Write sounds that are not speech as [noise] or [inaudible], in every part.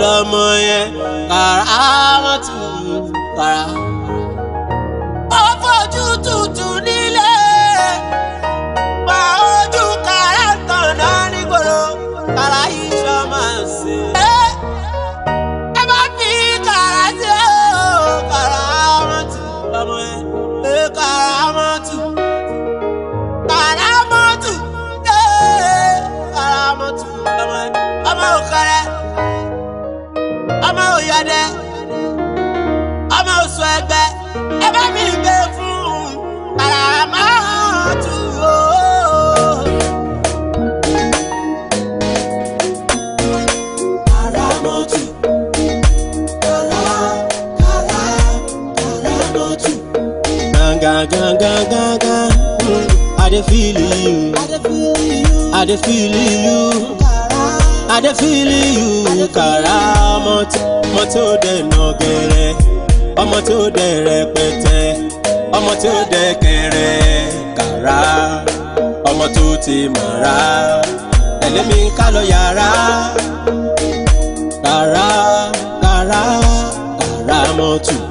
lọmọ yẹn kàràmọ́tù kàràmọ́tù. na ganga ganga. I dey feel you. I dey feel you. I dey feel you. Kàrà ọmọ tó dẹ̀ nà gẹ̀rẹ̀. Ọmọ tó dẹ̀ rẹpẹtẹ. Ọmọ tó dẹ̀ kẹrẹ. Kara, ọmọ tó ti mọ̀ra. Tẹ̀lé mi ká lọ yàrá. Kara, kàrà kàrà mọ́tò.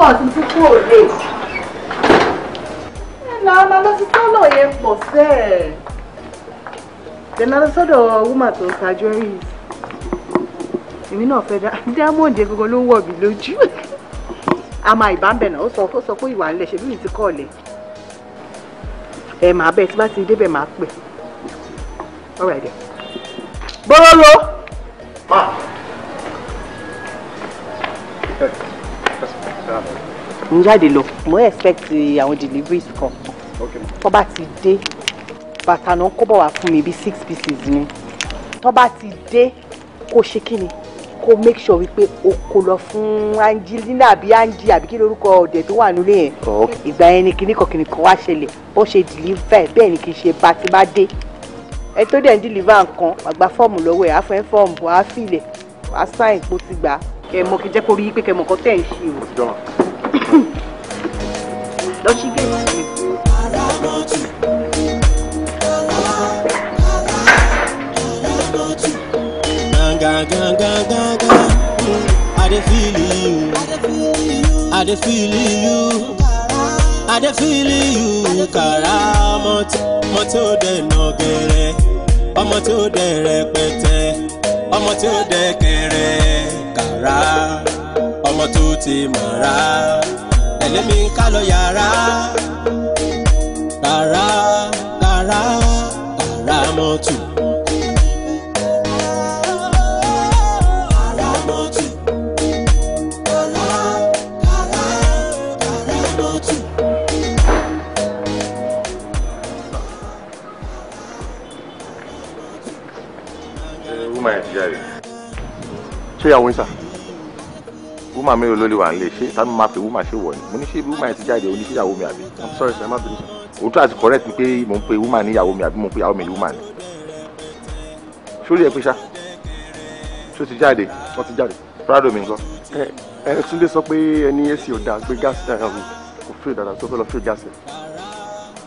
pọ̀ títí kú òde. ẹ lọ ọmọ lọ yẹn pọ̀ sẹ́ẹ̀. lọ sọ́dọ̀ wúmà fẹ́ ló ń wọ̀ mí lójú. àmọ́ ìbámbẹ̀ náà ó sọ pé ìwà ńlẹ̀ ti kọ́ ọ̀lẹ̀. ẹ bẹ̀ tí bá ti débẹ̀ pè. ń jáde lọ mo expect eh, àwọn deliveries kan tó bá ti dé bàtà náà kó bọ̀ wá fún mi bí six pieces ni tó bá ti dé kó ṣe kí ni kó make sure wípé o kò lọ fún Angelina àbí Angie àbí kí lórúkọ ọ̀dẹ̀ tó wà nílé yẹn ìgbà yẹn ni kíní kan kíní kan wá ṣẹlẹ̀ bó ṣe deliver bẹ́ẹ̀ ni kì í ṣe bá ti bá dé ẹ tó dẹ̀ ń deliver nǹkan àgbà fọ́ọ̀mù lọ́wọ́ ẹ̀ àfẹ́ fọ́ọ̀mù àáfìlẹ̀ àsáìn kó ti gbà kẹ́ mọ̀ kí jẹ́ kó rí pé kẹ́ mọ̀ kọ́ tẹ̀ ń ṣe o. Don't sí get it? I dey feel you, I dey feel you, I dey feel you, kàrà ọmọ tó dẹ̀ nà gẹ̀rẹ̀, ọmọ tó dẹ̀ rẹpẹtẹ, ọmọ tó dẹ̀ kẹrẹ, kàrà ọmọ tó ti mọ̀ra tẹ̀lé mi ká lọ yàrá rárá rárá rárá mọ́tò. ṣé ìyàwó ń wúmà mi ò lórí wà nílé ṣé sanu máa fi wúmà ṣe wọ̀ ni mo ní ṣé wúmà yẹn ti jáde òní síyàwó mi àbí. sorry sir ẹ má bínú sir. òótọ́ àti correct ni pé mò ń pe wúmà ní ìyàwó mi àbí mò ń pe ìyàwó mi ní wúmà ni. sórí ẹ pé ṣá ṣó ti jáde. wọ́n ti jáde. prado mi nǹkan. ẹ ẹ Túndé sọ pé ẹni ẹ sì ò dà gbé gáàsì dára mi kò fíò dáadáa tó fẹ́ lọ fíò gáàsì.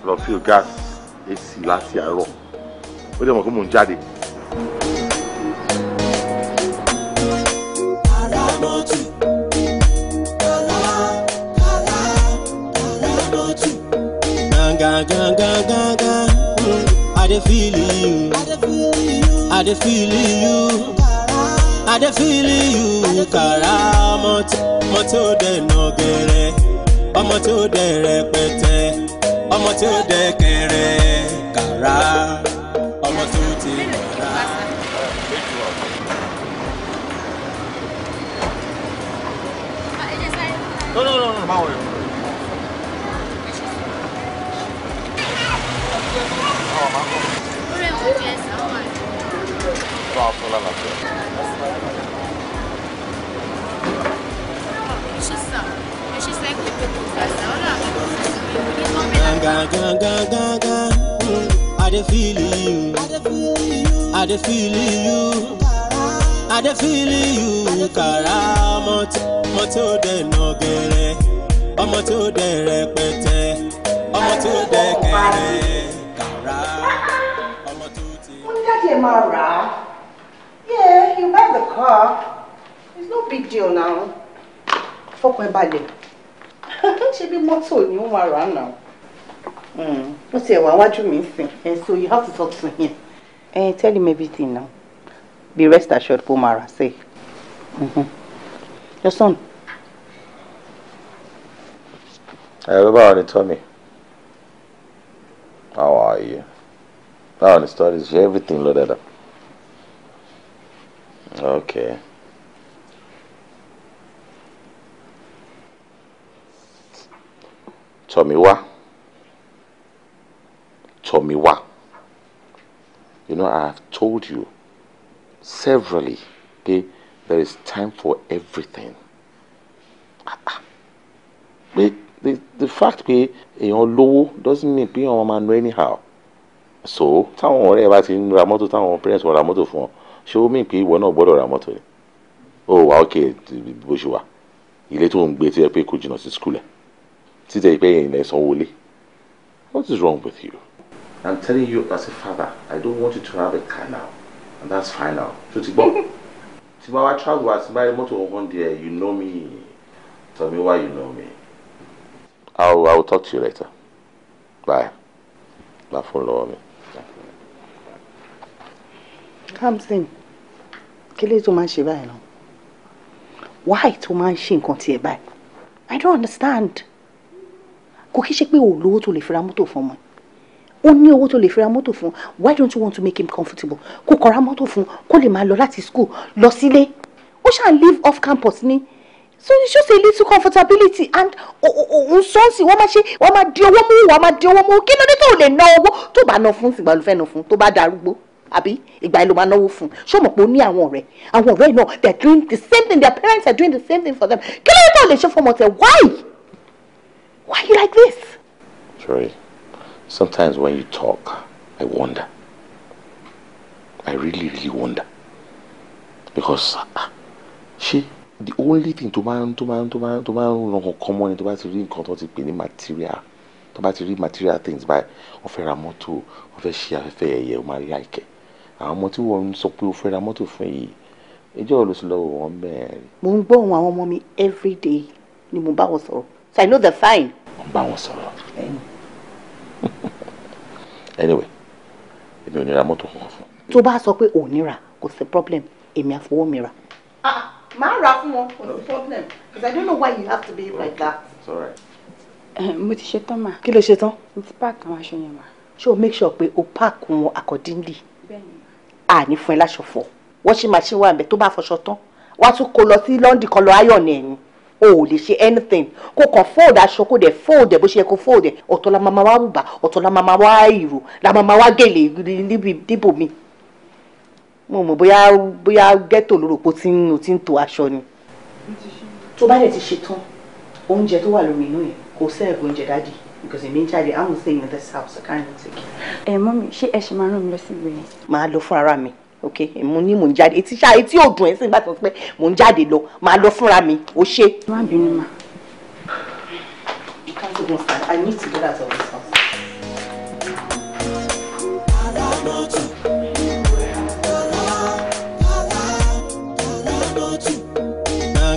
lọ fíò gáàsì èsì láti àárọ̀ ó dẹ̀ mọ̀ pé mò ń jáde. gangan gangan gan. I dey feel you. I dey feel you. I dey feel you. Kàrà ọmọ tí ó dẹ̀ nà gẹ̀rẹ̀. Ọmọ tí ó dẹ̀ rẹpẹtẹ. Ọmọ tí ó dẹ̀ kẹrẹ. Kàrà ọmọ tí ó ti rà. No, no, no, no. Bağ falan atıyor. Ga ga ga ga ga I dey feel you I dey feel you I dey feel you kàrà ọmọ tó dẹ̀ nà gẹ̀rẹ̀ ọmọ tó dẹ̀ rẹpẹtẹ de tó dẹ̀ kẹrẹ tiẹ̀ máa rà Yeah, you buy the car. It's no big deal now. Fọkàn ẹ balẹ̀. [laughs] Ṣé bí mọ́tò ni ó máa now. Hmm. What's Ó What ẹ̀wà you mi sìn. So you have to talk to him. And tell him everything now. Be rest assured, Pomara, say. Mm-hmm. Your son. Hey, everybody, tell me. How are you? Now ah, the storage is everything loaded up. Okay. Tomiwa. Tomiwa. You know, I have told you severally, okay, there is time for everything. [laughs] The, the, the fact pé èèyàn lówó doesn't mean pé a man anyhow so táwọn ọ̀rẹ́ bá ti ń ra mọ́tò táwọn parents wọn ra mọ́tò fún ọ ṣé ó mìíràn pé ìwọ náà gbọ́dọ̀ ra mọ́tò rẹ̀ ó oh, wà ókè bó ṣe wà ilé tó ń gbé tí ẹ pé kò jìnnà sí skul ẹ̀ títẹ̀ pé ẹ̀yìn ẹ̀ sanwó lé what is wrong with you. I'm telling you as a father I don't want you to have a car now and that's fine now so ti gbọ́ [laughs] tí bá wá travel àti bá rí mọ́tò kankan there you know me tell me why you know me. I will, I will talk to you later bye. Bye for lọ́wọ́ mi. Kamsin kí lè tó máa ń ṣe báyìí náà why tó máa ń ṣe nǹkan tiẹ̀ báyìí I don't understand kò kí ṣe pé o lówó tó lè fi ra mọ́tò fún ọmọ ó ní owó tó lè fi mọ́tò fún why don't you want to make him comfortable kó kọ ra mọ́tò fún kó lè máa lọ láti school lọ sílé ó ṣáà live off campus ni so it's just a little comfortability and òun sọ́ọ̀sì wọ́n máa ṣe wọ́n máa di owó mú wọ́n máa di owó mú kí lóde tó lè ná owó tó bá ná fún tìgbàlúfẹ́ ná fún tó bá darúgbó àbí ìgbà yẹn ló máa náwó fún un ṣó mọ̀ pé ó ní àwọn ọ̀rẹ́ àwọn ọ̀rẹ́ náà they are doing the same thing their parents are doing the same thing for them kí ló yẹ kó lè ṣe fọmọ tẹ why why you like this. sorry sometimes when you talk I wonder I really really wonder because ah, ṣé the only thing tó máa ń tó máa ń tó máa ń tó máa ń ràn kankan mọ́ ni tó bá ti rí nǹkan tó ti pè ní material tó bá ti rí material things báyìí wọ́n fẹ́ ra mọ́tò wọ́n fẹ́ ṣe afẹ́fẹ́ ẹ̀yẹ wọ́n máa like it àwọn ọmọ tí wọ́n ń sọ pé o fẹ́ ra mọ́tò fún yìí ẹjọ́ ò lọ sí lọ́wọ́ wọn bẹ́ẹ̀ rí. mo ń gbọ́ ohùn àwọn ọmọ mi every day ni mo bá wọn sọ̀rọ̀ so I know the fine. mo bá wọn sọ̀rọ̀ [laughs] anyway èmi ò ní ra mọ́tò kankan fún. tó bá sọ pé ò ní ra kò sí problem èmi àfọwọ́ mi ra. Ah, màá ra fún wọn kò sí problem because I don't know why you have to be like that. It's all right ehm, mo ti ṣetán mà. kí ló ṣetán. mo ti páàkì àwọn aṣọ yẹn mà. ṣé o make sure pé o páàkì wọn accordingly àní fún ẹ láṣọ fọ washing machine wà ńbẹ̀ tó bá fọṣọ tán wàá tún kó lọ sí London kan lọ iron ẹ̀yìn o ò lè ṣe anything kó kàn fold aṣọ kó dẹ̀ fold ẹ̀ bó ṣe yẹ kó fold ẹ̀ ọ̀tọ̀ la máa wá bùbá ọ̀tọ̀ la máa wá ìrò la máa wá gèlè níbò mi. mo mọ̀ bóyá bóyá ghetto lórúkọ tí ń tí ń to aṣọ ni. tó bá dẹ̀ ti ṣe tán oúnjẹ tó wà lómi inú yẹn kò sẹ́ẹ̀gùn oúnjẹ dádì because èmi ń jáde àwọn staying in this house I can't even take it. Eh, mommy, she, ṣé ẹ ṣe máa ràn mí lọ sí ìwé yẹn. máa lọ fún ara mi ok eh, mo ní mò ń jáde etí ṣá etí ò dùn ẹ sí ìgbà tó pé mò ń jáde mi ó ṣe. ma. you can't go on I need to get out of this house.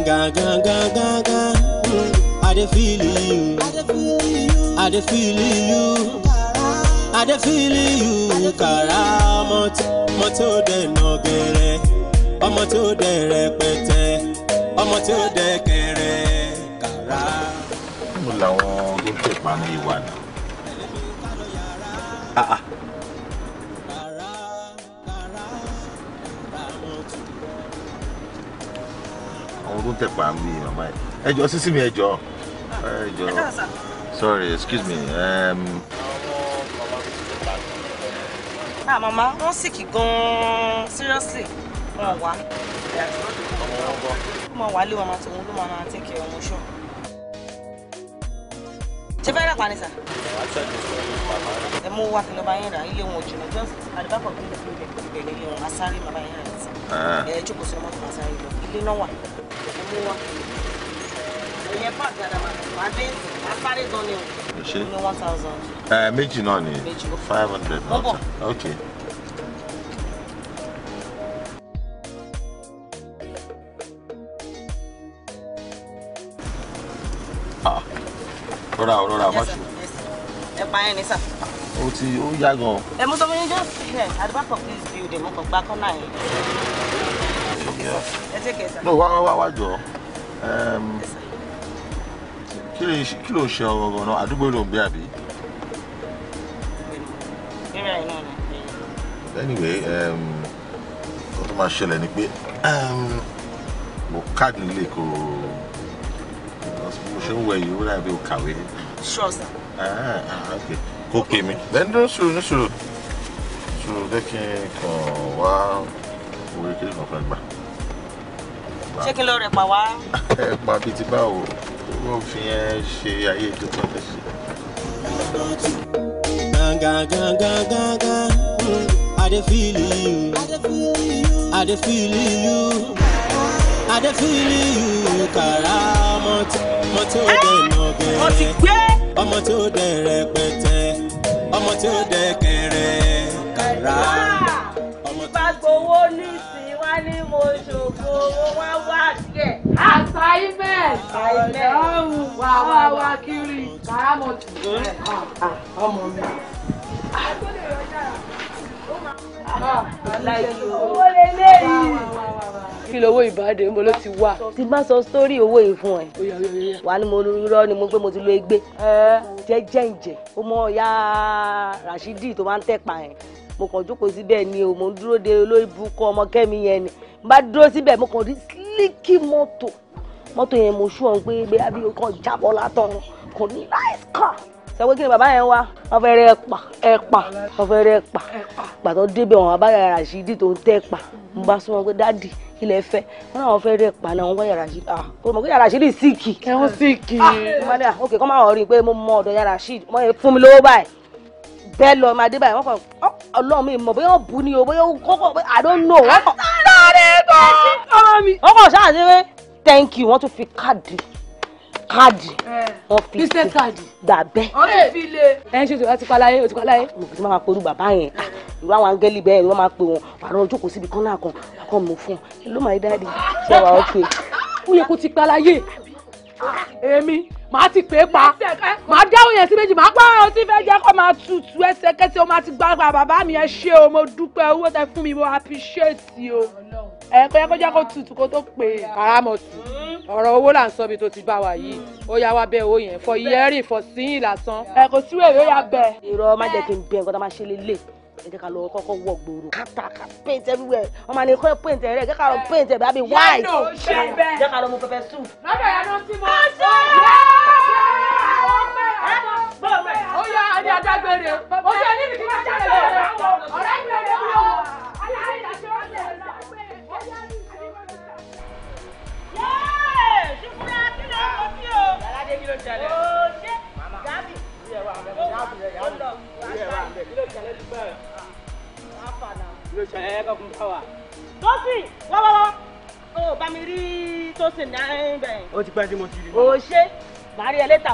Ga ga ga ga ga, I dey feel you. I dey feel you. I dey feel you, I dey feel you, kara ọmọ tí ó dẹ̀ nà gẹ̀rẹ̀, ọmọ tí ó dẹ̀ rẹpẹtẹ, ọmọ tí ó dẹ̀ kẹrẹ, kàrà. Mo làwọn gòkè pàmì ìwà náà. Ah, ah. àwọn tó ń tẹ̀pá mi màmá ẹ̀ sísí mi ẹjọ́ ẹjọ́. Sorry, excuse me. Um... Ah, Mama, wọ́n sick gan-an. Seriously, wọ́n wá. Wọ́n wá lé wọn máa tòun ló máa take your ọmọ ṣọ́. Ṣé fẹ́ rà pa ni sà? Ẹ mú wá kìlọ̀ bá yín rà ilé wọn jùlọ. Just àdìbápọ̀ bí ilé ìlú ìbẹ̀ ilé wọn. Asáré màbá yín rà sí. Ah. Ẹ jókòó sí ìyẹn báàgì àdàmà máa dé àsáré gan ni o. ṣe ní one thousand. ẹ eh, méjì náà ni five hundred náà ta ok. Ah. rọra o rọra má ṣe. ẹ pa ẹ ní sà. o ti o yá gan. ẹ mú sọ fún yín just here at the back of this building mo kàn gba kọ́nà yẹn. ẹ take care sir. no wá wá wá jọ. Yes, sir kí ló ṣe ọ̀rọ̀ ọ̀rọ̀ náà àdúgbò ló ń gbé àbí. anyway um, kó tó máa ṣẹlẹ̀ ni pé um, mo káàdì nílé kò mo ṣe ń wẹ̀ yìí ó dàbí o kàwé. ṣọ́ọ̀sì. Ah, ah, kó pè mí bẹ́ẹ̀ ní sùúrù ní sùúrù sùúrù jẹ́ kí n kàn wá orí kékeré kan fẹ́ gbà. ṣé kí ló rẹ̀ pa wá. [laughs] ẹ pa bíi ti báwo wọ́n fi yẹn ṣe ayé you I dey you I dey you ọmọ tó dẹ̀ nọ̀gẹ̀rẹ̀ kẹrẹ kàrà. ìbá gbowó nísìnyí wá ní mo ṣògo owó wá wá assignment ọ̀hún wà wá wá kiri karamọ̀ tù. ọmọ mi. Ah, kí lowó ìbàdí mo ló ti wà. ti bá sọ sórí owó yìí fún ẹ wà á ní mo rírọ́ ni mo gbé mo ti lo egbé jẹ́jẹ́ ǹjẹ́ ó mọ ọ̀ya Rashidi tó máa ń tẹ̀pa yẹn mo kàn jókòó síbẹ̀ ni o mo ń dúró de olórí burúkú ọmọ kẹ́mi yẹn ni n bá dúró síbẹ̀ mo kàn rí sí mílíkì mọ́tò mọ́tò yẹn mo ṣú ọ̀n pé bí abí kan jábọ́ látọ̀run kò ní nice car sọ pé kí ni bàbá yẹn wá wọn fẹ́ rẹ ẹ̀pà ẹ̀pà pàtó débẹ̀ wọn bá yàrá sí ìdí tó ń tẹ́ ẹ̀pà mo bá sọ wọn pé dáàdì ilẹ̀ fẹ́ wọn náà wọn fẹ́ rẹ ẹ̀pà náà wọn bá yàrá sí ah kò mọ̀ pé yàrá sí ah, ní síìkì. kẹ́hún síìkì. ok kọ́ máa rọrin pé mo mọ ọ̀dọ̀ yàrá sí mo fún mi lówó báyìí bẹ́ẹ̀ lọ máa dé báyìí wọ́n kàn ọlọ́run mi mọ̀ bóyá ó bu ni o bóyá ó kọ́kọ́ I don't know. wọ́n kàn sáré bọ̀. wọ́n kàn sáré pé thank you wọ́n tún fi káàdì káàdì eh. wọ́n fi ṣe dàbẹ́. ọ̀rẹ́ mi le. ẹ ṣe tòun láti paláyé o ti paláyé. mo fi máa polú bàbá yẹn ìlú àwọn angẹ́lì bẹ́ẹ̀ ni wọ́n máa pe wọn àrùn ojókòó síbi kan náà kan lákọ̀ mọ̀ fún un ló máa dáàdi ṣe wà ó pé. ó yẹ kó ti paláyé èmi màá ti pè é pa màá dáhùn yẹn sí méjì màá pààrọ̀ tí fẹ́ jẹ́ kó máa tutù ẹsẹ̀kẹsẹ̀ ó máa ti gbàgbà bàbá mi ẹ ṣé o mo dúpẹ́ owó tẹ fún mi mo appreciate o ẹ kó yẹ kó jẹ́ kó tutù kó tó pè é kàrámọ̀tì ọ̀rọ̀ owó là ń sọ ibi tó ti bá wa yìí ó yá wa bẹ owó yẹn fọ iyẹ́rì fọ síyìn lásán ẹ kò sí wèrè ó yà bẹ. ìrọ̀ má jẹ́ kí n bẹ nǹkan tá máa ṣe lélẹ̀ ẹ jẹ́ ká lọ kọ́kọ́ wọ gbòòrò kápá ká paint everywhere ọmọ àlè kọ́ paint rẹ̀ ẹ jẹ́ ká lọ paint ẹ̀ bàbí white ẹ jẹ́ ká lọ mú pẹpẹ sùn. lọ́dọ̀ yẹn ló ti mọ. ọjọ́ ó yá adé adágbére ó yá ní ìdílé adágbére ọ̀rẹ́ gbére ni ó aláàrẹ̀ ìdájọ́ ọ̀sẹ̀ yéé ṣùkúrẹ́ akílẹ̀ ọ̀hún mi o. aládé kí ló ṣẹlẹ̀. o ṣe gàmí. ìyẹ̀wò àbẹ̀ kí ló ṣẹlẹ̀ nígbà yẹn ẹ kọ́ fún fáwa. tósìn wọ́wọ́wọ́ o bá mi rí tósìn náà bẹ́ẹ̀. ó ti pẹ́ tí mo ti rí. o ṣe màá rí ẹ létà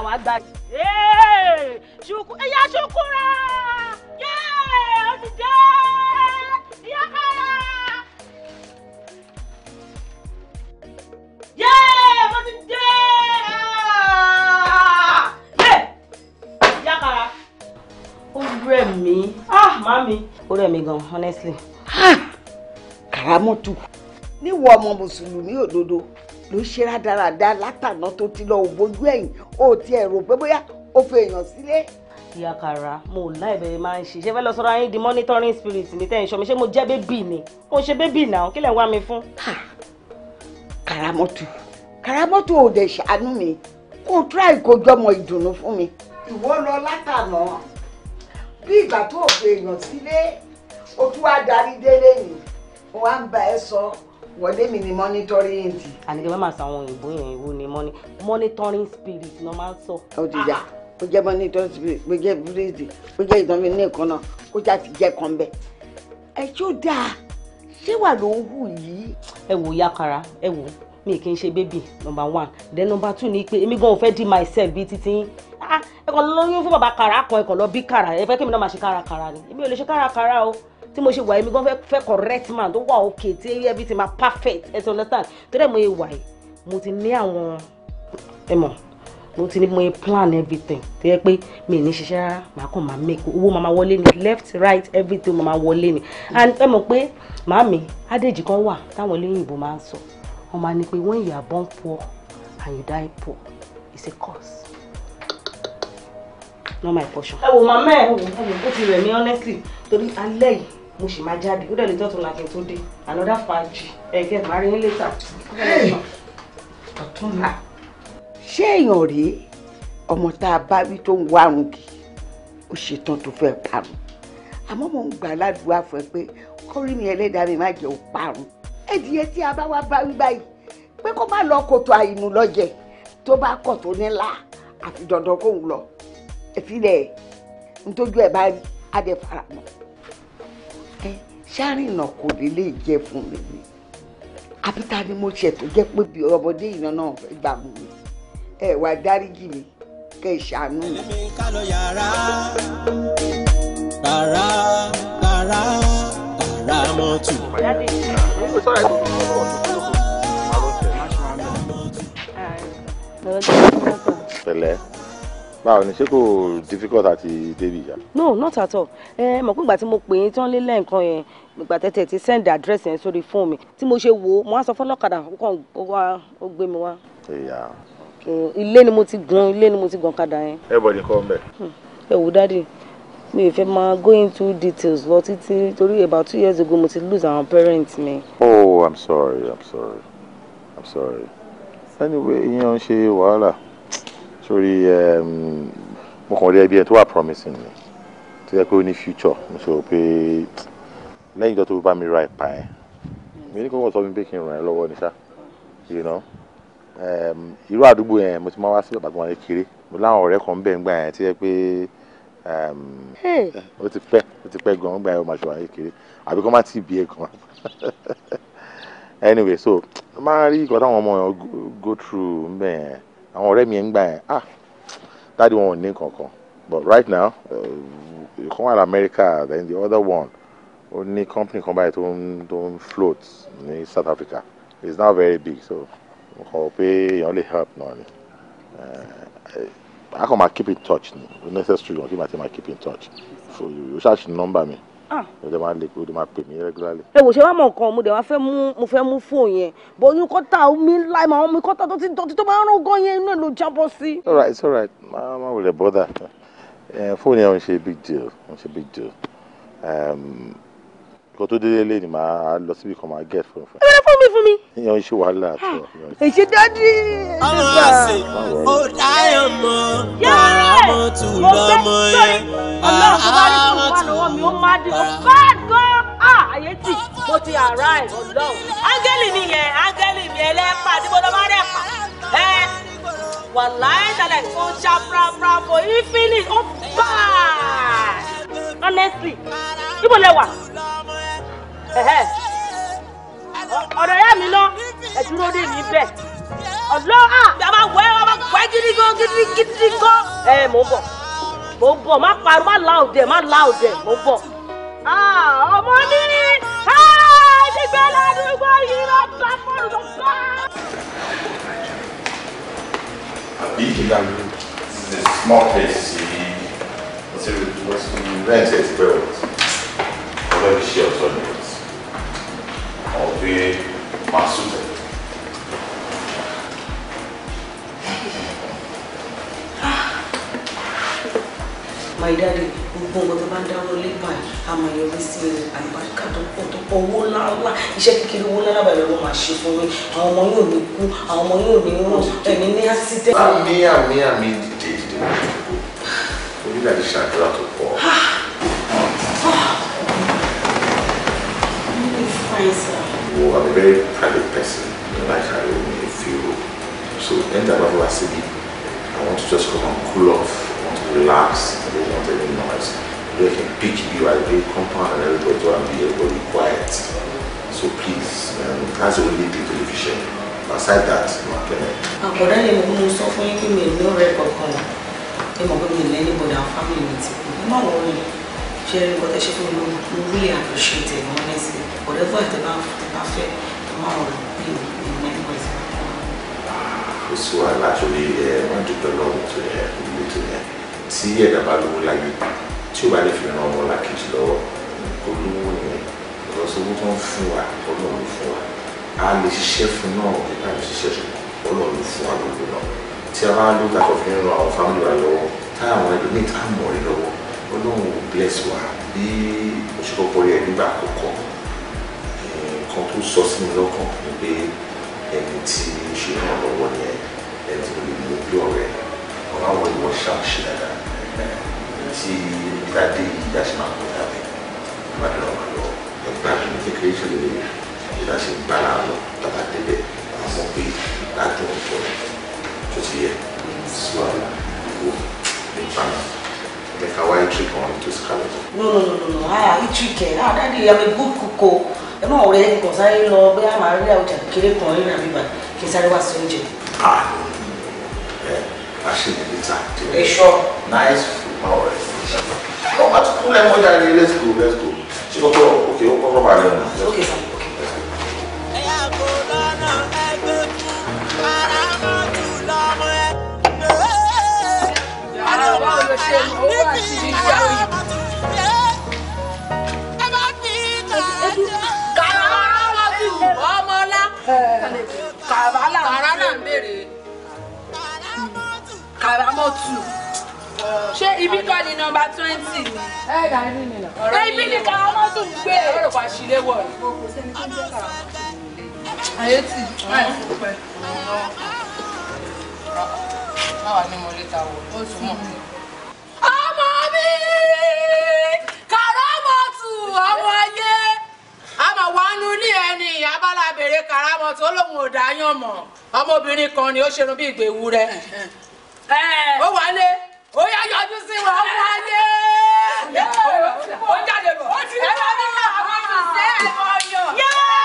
ah mami. ó rẹ̀ mí honestly. Ah, kàràmọ́tù níwọ̀ ọmọ mùsùlùmí òdodo ló ṣe rádaràda látàná tó ti lọ òbójú ẹ̀yìn ó ti ẹ̀rọ pé bóyá ó fi èèyàn sílé. ìyá kàrà mo láì bẹ̀rẹ̀ máa ń ṣe ṣé fẹ́ lọ sọ́ra yín di monitoring spirit ní tẹ̀sán mi ṣé mo jẹ́ bébì ni mo ṣe bébì náà kí lẹ̀ ń wá mi fún. kàràmọ́tù kàràmọ́tù ò dẹ̀ ṣàánú mi kó o try kó jọmọ ìdùnnú fún mi. ìwọ lọ látàná bí ìgbà tó o èèyàn sílé o tún wá darí délé yìí mo wá ń bá ẹ sọ wọlé mi ni monitoring ti. àníkè má sọ àwọn òyìnbó yẹn ìwú ni monitoring spirit ni wọ́n máa ń sọ. ó ti yà ó jẹ́ monitoring spirit ó jẹ́ bíríìdì ó jẹ́ ìdánwò ní ẹ̀kan náà ó já ti jẹ́ kan bẹ́ẹ̀. ẹ tí ó dáa ṣé wà ló ń hù yìí. ẹ wò yakara ẹ wò mi kì í ṣe bébì number one then number two ni pé èmi gan ò fẹ́ di myself bíi títí ah, ẹ kàn lóyún fún bàbá kàrà kan ẹ kàn lọ bí kàrà ẹ fẹ́ kí èmi náà máa ṣe kàràkàrà ni èmi ò lè ṣe kàràkàrà o tí mo ṣe wà yìí mi gan fẹ́ correct man tó wà òkè tí everything ma perfect ẹ ti understand tó dẹ̀ mo ṣe wà yìí mo ti ní àwọn ẹ mọ̀ mo ti ní mo plan everything tó yẹ pé mi ní ṣiṣẹ́ rárá màá kàn máa make owó màá máa wọlé ni left right everything màá máa wọlé ni and ẹ mọ̀ pé màámi adéjì kan wà táwọn olóyìnbó máa ń sọ wọn máa ní pé when you are born poor and you die poor it's a curse not my portion. ẹ wò màmá ẹ wò ó ti rẹ̀ mí honestly torí alẹ́ yìí mo sì máa jáde ó dẹ̀ lè tọ́tún làkín tó dé another fàájì ẹ̀gẹ́ máa rí yín létà. ṣé èèyàn rèé ọmọ tá a bá wí tó ń wá àrùn kì ó ṣetán tó fẹ́ parun àmọ́ mò ń gbà ládùúgbò àfọ̀ pé kọ́rí mi ẹlẹ́dàá mi má jẹ́ ó parun ẹ̀dìyẹ tí a bá wá bá wí báyìí pé kó má lọ kòtò àìmú lọ́jẹ̀ tó bá kọ̀ tó nílá àfi dandan kóun lọ ẹ̀fílẹ̀ ntójú ẹ̀ bá rí adé faramọ́ ṣárìnà kò lè lè jẹ fún mi ni àbí ta ni mo ṣe tó jẹ́ pé bí ọmọdé ìran náà gbà mú mi ẹ wá dáríjì mi kẹ ìṣàánú mi. pẹ̀lẹ́ báwo ni ṣé kò difficult àti débi ìyá. no not at all ẹ mọ̀ pé ìgbà tí mo pè é tán lélẹ̀ nǹkan yẹn ìgbà tẹ̀tẹ̀ ti send address yẹn sórí fóònù mi tí mo ṣe wò ó mo á sọ fún ọlọ́kadà ó wá ó gbé mi wá. ilé ni mo ti gun ilé ni mo ti gun ọ̀kadà yẹn. ẹ bọ̀ ní kọ́ ń bẹ̀. Hmm. ẹ wò dádì mi ò fẹ́ máa go into details lọ títí torí about two years ago mo ti lose our parents mi. oh i'm sorry i'm sorry i'm sorry anyway ìyẹn ń ṣe wàhálà sórí mo kàn rí ẹbí ẹ tó wà promising ni tó yẹ pé ó ní future mo sọ pé lẹ́yìn tó tó bá mi ra ìpa ẹ̀ mi ní kókó sọ mi pé kí n ràn ẹ́ lọ́wọ́ ni ṣá you know irú àdúgbò yẹn mo ti máa wá sí ọ̀bà tó wà ní kiri mo láwọn ọ̀rẹ́ kan bẹ́ẹ̀ ń gbà yẹn tí yẹ pé ó ti pẹ́ ó ti pẹ́ gan-an gbà yẹn ó máa ṣe wà ní kiri àbí kó má ti bí ẹ gan-an [laughs] anyway so máa rí nǹkan táwọn ọmọ yẹn go through ń bẹ̀ yẹn àwọn ọ̀rẹ́ mi ń gbà yẹn ah dáàdi wọn ò ní kankan but right now uh, ìkan wà ní America then the other one ó ní company kan báyìí tó ń tó ń float ní South Africa it's now very big so mo kàn pé èèyàn lè help náà ni a kàn máa keep in touch ni necessary one kí n máa ti máa keep in touch so you ṣáà ṣì nọ́mbà mi ó ah. dẹ̀ máa ń lè pé máa pè mí regularly. ẹ wò ṣe wá mọ nǹkan mo dẹ̀ wá fẹ́ mú mo fẹ́ mú fóònù yẹn bọ̀ oyún kọ́tà omi láì máa omi kọ́tà tó ti dọ̀tí tó máa ń rán yẹn inú ẹ̀ ló jábọ́ sí. it's alright it's alright máa máa wulẹ̀ bọ́dà fóònù yẹn ò ń ṣe big deal ò ń ṣe big deal kò tó délé lé ni màá lọ síbi kan màá get fún fún. ẹ fún mi fún mi. yan iṣẹ́ wàhálà àti ọ. Ah, èsì dájú. ọmọ àṣẹ ó dáyọ̀ mọ́ ọ̀rọ̀ ọmọ tù lọ́mọ yẹn. ọlọ́run tó bá rí fún wa lọ́wọ́ mi ó máa di ó bá gan àyè tì mo ti àrà ẹ̀ áńgẹ́lì mi yẹn áńgẹ́lì mi ẹlẹ́pàá tí mo bá rẹ̀ pa ẹ́ wàláì tẹ̀lẹ̀ kó ṣá fúrafúrafú ìfínì ó bá honestly ibo lẹ wà ọ̀dọ̀ ìyá mi lọ ẹ̀ dé mi bẹ́ẹ̀ ọ̀lọ́ à. a máa wẹ́ a máa wẹ́ gidi gan gidi gidi gan. ẹ mò ń bọ̀ mò ń bọ̀ má parọ́ má la òde má la òde mò ń bọ̀. ọmọ mi ni ẹ̀ẹ́dẹ́gbẹ́ ládùúgbò yìí lọ bá fọ́ọ̀rù lọ bá. àbí ìlà mi the small place yìí wọ́n ti rẹ̀ tí ti pẹ́ wọ̀ ọ́ lọ́ọ́ fi ṣe ọ̀sán ni ọ̀gbẹ́ màsúbẹ̀. my daddy gbogbo nǹkan tó bá ń dáwọ́ lé báyìí a máa yọrí sí àlùbáríkà tó pọ̀ tó pọ̀ owó ńláńlá iṣẹ́ kékeré owó ńláńlá báyìí lọ́wọ́ máa ṣe fún mi àwọn ọmọ yóò ní kú àwọn ọmọ yóò ní rún ẹni ní accident. àmì àmì àmì dìde dìde onílàdí ṣàdúrà tó pọ̀. Ah! Ah! Thank you know, I'm a very private person. You know, like I don't really feel. So level I city, I want to just come and cool off. I want to relax. I don't want any noise. They can pick you at the compound and everybody go and be everybody quiet. So please, um, that's the only thing television. Aside that, no payment. Àbọ̀dá yẹn mo mú sọ fún yín pé mi ò ní ọ̀rẹ́ kankan. Ẹ mọ̀ pé mi ò lẹ́yìn bọ̀dà fámìlì mi ti ṣe rí nǹkan tẹ́ ṣe fún really appreciate it honestly whatever ẹ̀ tẹ́ bá tẹ́ bá fẹ́ tẹ́ máa rọ̀ bí mi ní actually ìsìn. kò sí wàhálà àṣọlé ẹ wọn dúpẹ́ lọ́wọ́ tó yẹ ìlú tó yẹ tí ẹ̀dá bá lówó láyé tí ó bá lè fi ran ọmọ làkejì lọ́wọ́ olówó yẹn ìrọsowó tó ń fún wa ọlọ́run fún wa a lè ṣiṣẹ́ fún náà nípa lè ṣiṣẹ́ fún ọlọ́run fún wa lọ́wọ́ náà tí a bá lóga kọfí ń ran àwọn fámìlì wa lọ́wọ́ táwọn ẹlòmíì tá a olóhùn bless wa bí oṣù kọ́kọ́ rí ẹ nígbà àkọ́kọ́ nǹkan tó sọ sí mi lọ́kàn ni pé ẹni tí ń ṣe ràn lọ́wọ́ ni ẹni tí mo lè mú bí ọ̀rẹ́ ọ̀rọ̀ àwọn ìwọ ṣàmùṣe dáadáa tí ìdádé ìyá ṣe máa no no no no no. ah ichike ah daddy i'm a good cook o ẹ má ọ̀rẹ́ ẹni kan sáré lọ bí a máa rí àwùjọ kékeré kan rí nàbí bá kí n sáré wá sí oúnjẹ. ah ẹ àṣeyẹ ní ta. ẹ ṣọ. nice food ma ọ̀rẹ́ ọ bá tún kúnlẹ̀ mọ́jà let's go let's go ṣé kókó òkè ó kọ́kọ́ balẹ̀ kàràlà kàràlà ń bèrè kàràmọ́tù ṣé ibi kọ́ ni nọmba twenty ni. ẹ ẹ dàrí mi nà. ibi ni kàràmọ́tù ń gbé. ẹ rò pa sílé wọ̀ ni. ayé tì láì fún pẹ́. báwa ni mo lè ta wò ó tún mọ̀. ọmọ mi kàràmọ́tù ọmọ ayé. ama wa nu ni eni abala kara karamo to lohun odayan mo omobirin kan ni o serun bi igbewure eh o wa le o ya yoju si wa o wa le o jade bo e ra ni awon ise e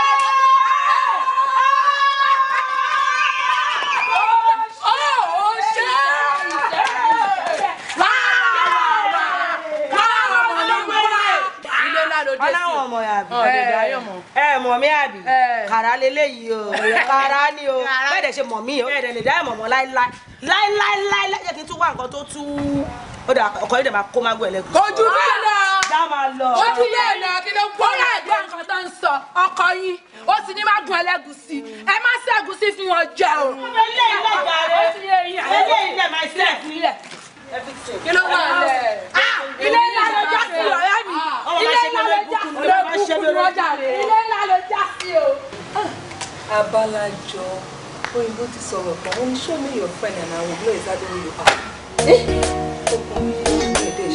mọ̀ àbí. ọ̀dẹ̀dẹ̀ ayọ̀ mọ̀. ẹ mọ̀ mi àbí. kàrà leléyìí o kàrà ni o bẹ́ẹ̀ dẹ̀ ṣe mọ̀ mí o ẹ̀dẹ̀ lè dá ẹ̀ mọ̀ mọ́ láíláí láíláí láíláí jẹ́ kí n tún wá nǹkan tó tú ó dà ọkọ yìí dẹ̀ máa kó mágùn ẹlẹ́gùn. ojú bẹ́ẹ̀ lọ ojú bẹ́ẹ̀ lọ kí ló kó rẹ̀ gbọ́ nǹkan tó ń sọ ọkọ yín ó sì ní mágùn ẹlẹ́gùn sí ẹ má ṣẹ́gun sí kí ló wà lẹ̀. ilé ńlá ló já sí ọ̀rẹ́ ah! ah! abalajọ òyìnbó ti sọ̀rọ̀ kan ó ní show me your friend and I will blow exactly where you are. Ah! Eh? ọkùnrin yìí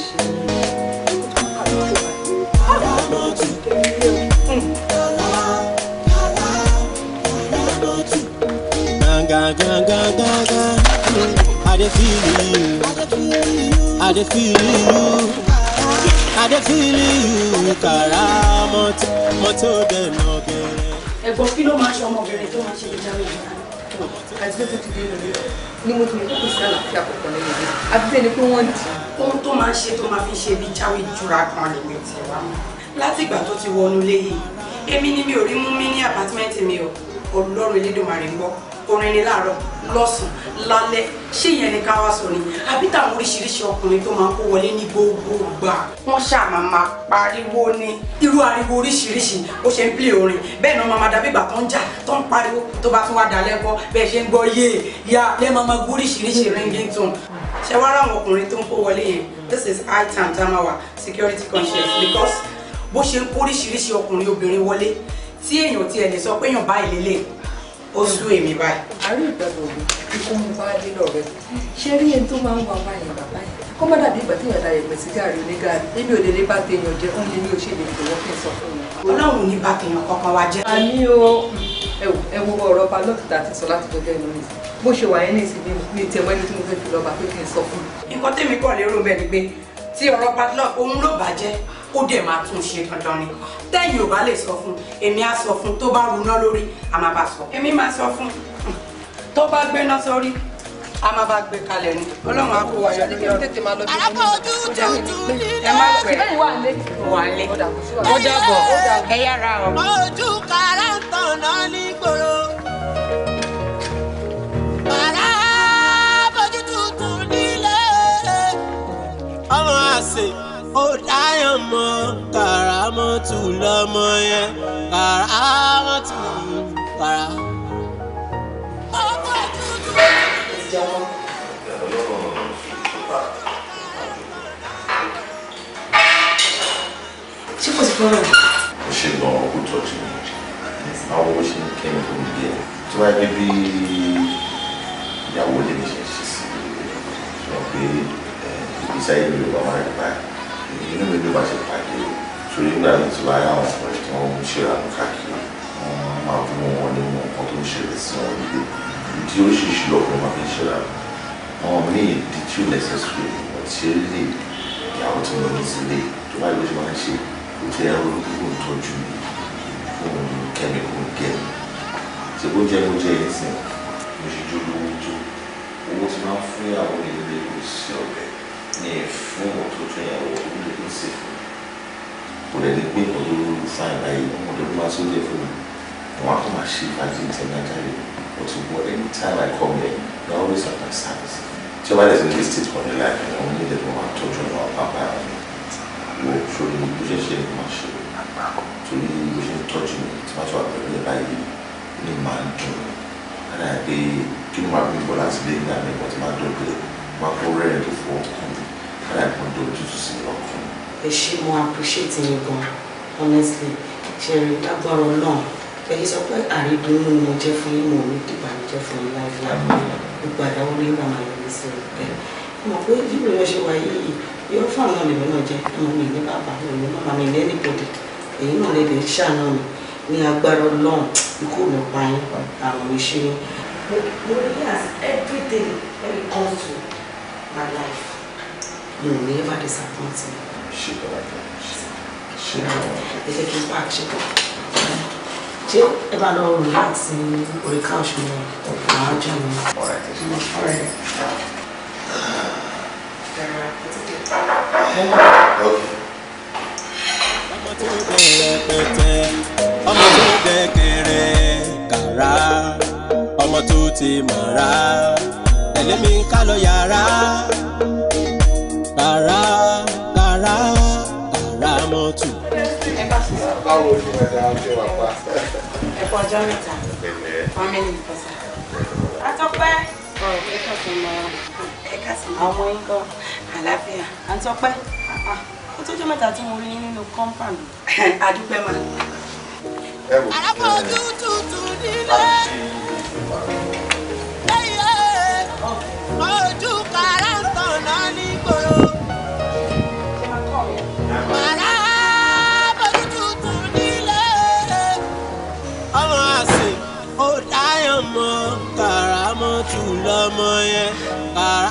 ń I dey feel you. I dey feel you. I dey feel you. Kàrà mọ́tò mọ́tò dẹ̀nà gẹ̀rẹ́. Ẹ̀gbọ́n kí ló máa ṣe ọmọbìnrin tó máa ṣe ìjáwé ìjà? Àti pé kò ti dé ìrọ̀lẹ́ ni mo ti lè kókò sí àlàáfíà kọ̀ọ̀kan lẹ́yìn ìdí. Àbí bẹ́ẹ̀ ni pé wọ́n dì. Ohun tó máa ṣe tó máa fi ṣe bí jáwé jura kan lè mi tẹ̀ wá. Láti ìgbà tó ti wọnú léyìí, èmi ni mi ò rí mú mi ní àpátímẹ́ǹtì mi o, Ọlọ́run Elédùmarè ń gbọ́ orin ni láàárọ̀ lọ́sàn-án ṣé ìyẹn ni ká wá sọ ni àbí táwọn oríṣiríṣi ọkùnrin tó máa ń kó wọlé ní gbogbo gbà wọ́n ṣáà máa pariwo ní irú ariwo oríṣiríṣi bó ṣe ń plé orin bẹ́ẹ̀ náà máa dàbí ìgbà tó ń jà tó ń pariwo tó bá tún wá dà lẹ́kọ́ bẹ́ẹ̀ ṣe ń gbọ́ yé ya lẹ́ máa máa gbọ́ oríṣiríṣi ringington ṣe wá ráwọn ọkùnrin tó ń kó wọlé yẹn this is high time tamawa security conscious because bó ṣe ń kó oríṣiríṣi ọkùnrin obìnrin wọlé tí èèyàn tiẹ̀ lè sọ pé èèyàn báyìí lélẹ̀ ó sú èmi báyìí. àárín ìgbàgbọ́ mi ikú mú bá dé lọ́rẹ́ ṣé rí ẹni tó máa ń wá báyìí bàbá yìí kó má dàbí ìgbà téèyàn dayẹ̀ pẹ̀ sí gàrí onígàrí èmi ò lè lè bá téèyàn jẹ oúnjẹ mi ò ṣe lè fọwọ́ kí n sọ fún mi. ọlọ́run ní bá téèyàn kankan wá jẹ́. a ní o ẹ wo ọ̀rọ̀ bá lọ́kìtà àti sọ láti tọ́jú ẹnu mi bó ṣe wà yẹn ní ìsinmi ó dẹ̀ máa tún ṣe dandan ni tẹ́yìn ò bá lè sọ fún èmi á sọ fún tó bá runá lórí a máa bá sọ èmi máa sọ fún tó bá gbéná sórí a máa bá gbé kalẹ̀ ni ọlọ́run á kó wa yọ níbi ọdún. àràpọ̀ ojú tuntun nílẹ̀ ẹ má pẹ́ wà lé wà lé ó dàbọ̀ ẹ yára o. ojú kàrà ń tọ̀nà nígboro. kàrà ó dáyàn mọ́ Kàràmọ́tù lọ́mọ yẹn Kàràmọ́tù kàrà. ọkọ̀ tuntun. Ṣé kò sí fọ́nrán? Ó ṣe gan ọkọ̀ tọ́jú mi. Àwọn owó ṣe ń kẹ́mi tó ń gbé. Tí wọ́n gbé bí ìyàwó lè ní ṣe ṣe sí. Wọ́n ìgbésí ayé mi ò bá wà rí inú mi ló bá ṣe pàdé o ṣòro nígbà yẹn tí wáyà àwọn ọ̀rẹ́ tí wọ́n ń ṣe àánú káàkiri wọ́n máa fún wọn ní wọn kan tó ń ṣẹlẹ̀ sí wọn nílé ìdí oríṣiríṣi lọ́kùnrin máa fi ń ṣẹlẹ̀ àwọn mi ní ìdí tí ò necessary wọ́n ti lè ìyàwó tí wọ́n ní sílé tó bá ìlú ṣe máa ń ṣe kò tẹ ẹrú olùkókò ń tọ́jú mi fún kẹ́míkù gẹ̀ẹ́mì tí ó jẹ́ ó jẹ́ ẹ̀sìn mo ṣe jó lówó tó owó tí máa ń fún ìyàwó nílé kò sí ọ̀bẹ̀ ni ẹ fún wọn tó tún ìyàwó ọdún lè ní sí fún mi kò lè ní pé ìwọ ló ń fa ìgbà yìí wọn kò lè máa sóde fún mi wọn á kó máa ṣe ìfàjì ìtẹ̀nájáde wọn tún bọ any time I come here na always at my service tí o bá lè ṣe ní state for the life ẹ̀ wọ́n ní ìdẹ̀tọ̀ wọn àtọ́jú ọ̀nà àpapọ̀ ara mi wọ́n sórí bó ṣe ṣe ni màá ṣe torí bó ṣe ń tọ́jú mi tí wọ́n ti wà pẹ̀lú ẹ̀ báyìí ni màá ń dùn ẹ̀ dáa pé kí ni màá fi bọ̀ láti lé ní àmì ìpọ̀ tí màá dọ̀gbẹ́ màá fọ́ rẹ́rìn tó ọkàn láìpẹ́ ẹ ṣé mo appreciate yín gan honestly ṣe rí náà ẹ̀yin sọ pé àrídùnnú mo jẹ́ fún yín mo ní ìbànújẹ́ fún yín láìláì gbogbo àdáwó ní ìgbà máa yọrí sí ẹ mọ̀ pé bí mi lọ ṣe wà yìí yóò fún àwọn ọ̀nà náà jẹ́ ọmọ mi ní bàbá mi ní màmá mi ní ẹnìbọ̀dẹ̀ èyí náà lè lè ṣàánú mi ní agbára ọlọ́run ikú mi pa yín àrùn mi ṣe mo realize everything when it comes to my life mi ò ní disappoint me. ṣe bàbá kan ṣe àwọn. ẹ jẹ́ kí n pa àṣẹ kan ṣé ẹ bá lọ rò láti orí káàṣù mi màá jẹ́ mi. ọ̀rẹ́ tó ti mọ ọ̀rẹ́ rẹ̀. ọmọ kàrà kàrà mọ́tò. ẹ bá sọ. báwo ni ẹ dá ọjọ́ wà pa. ẹ kọ ọjọ́ mẹ́ta wọn mi ní ìfọ̀sà. atọ́pẹ́ ọ̀rọ̀ ẹ̀ka sọ mọ́ ẹ̀ka sọ mọ́ àwọn ẹ̀kọ́ àlàáfíà àtọ́pẹ́ ah, ó tọ́jú mẹ́ta tí mo rí nínú compound àdúpẹ́ [laughs] mà. àràpọ̀ ojú tutù nílé ojú kàrà ń tàn náà nígboro.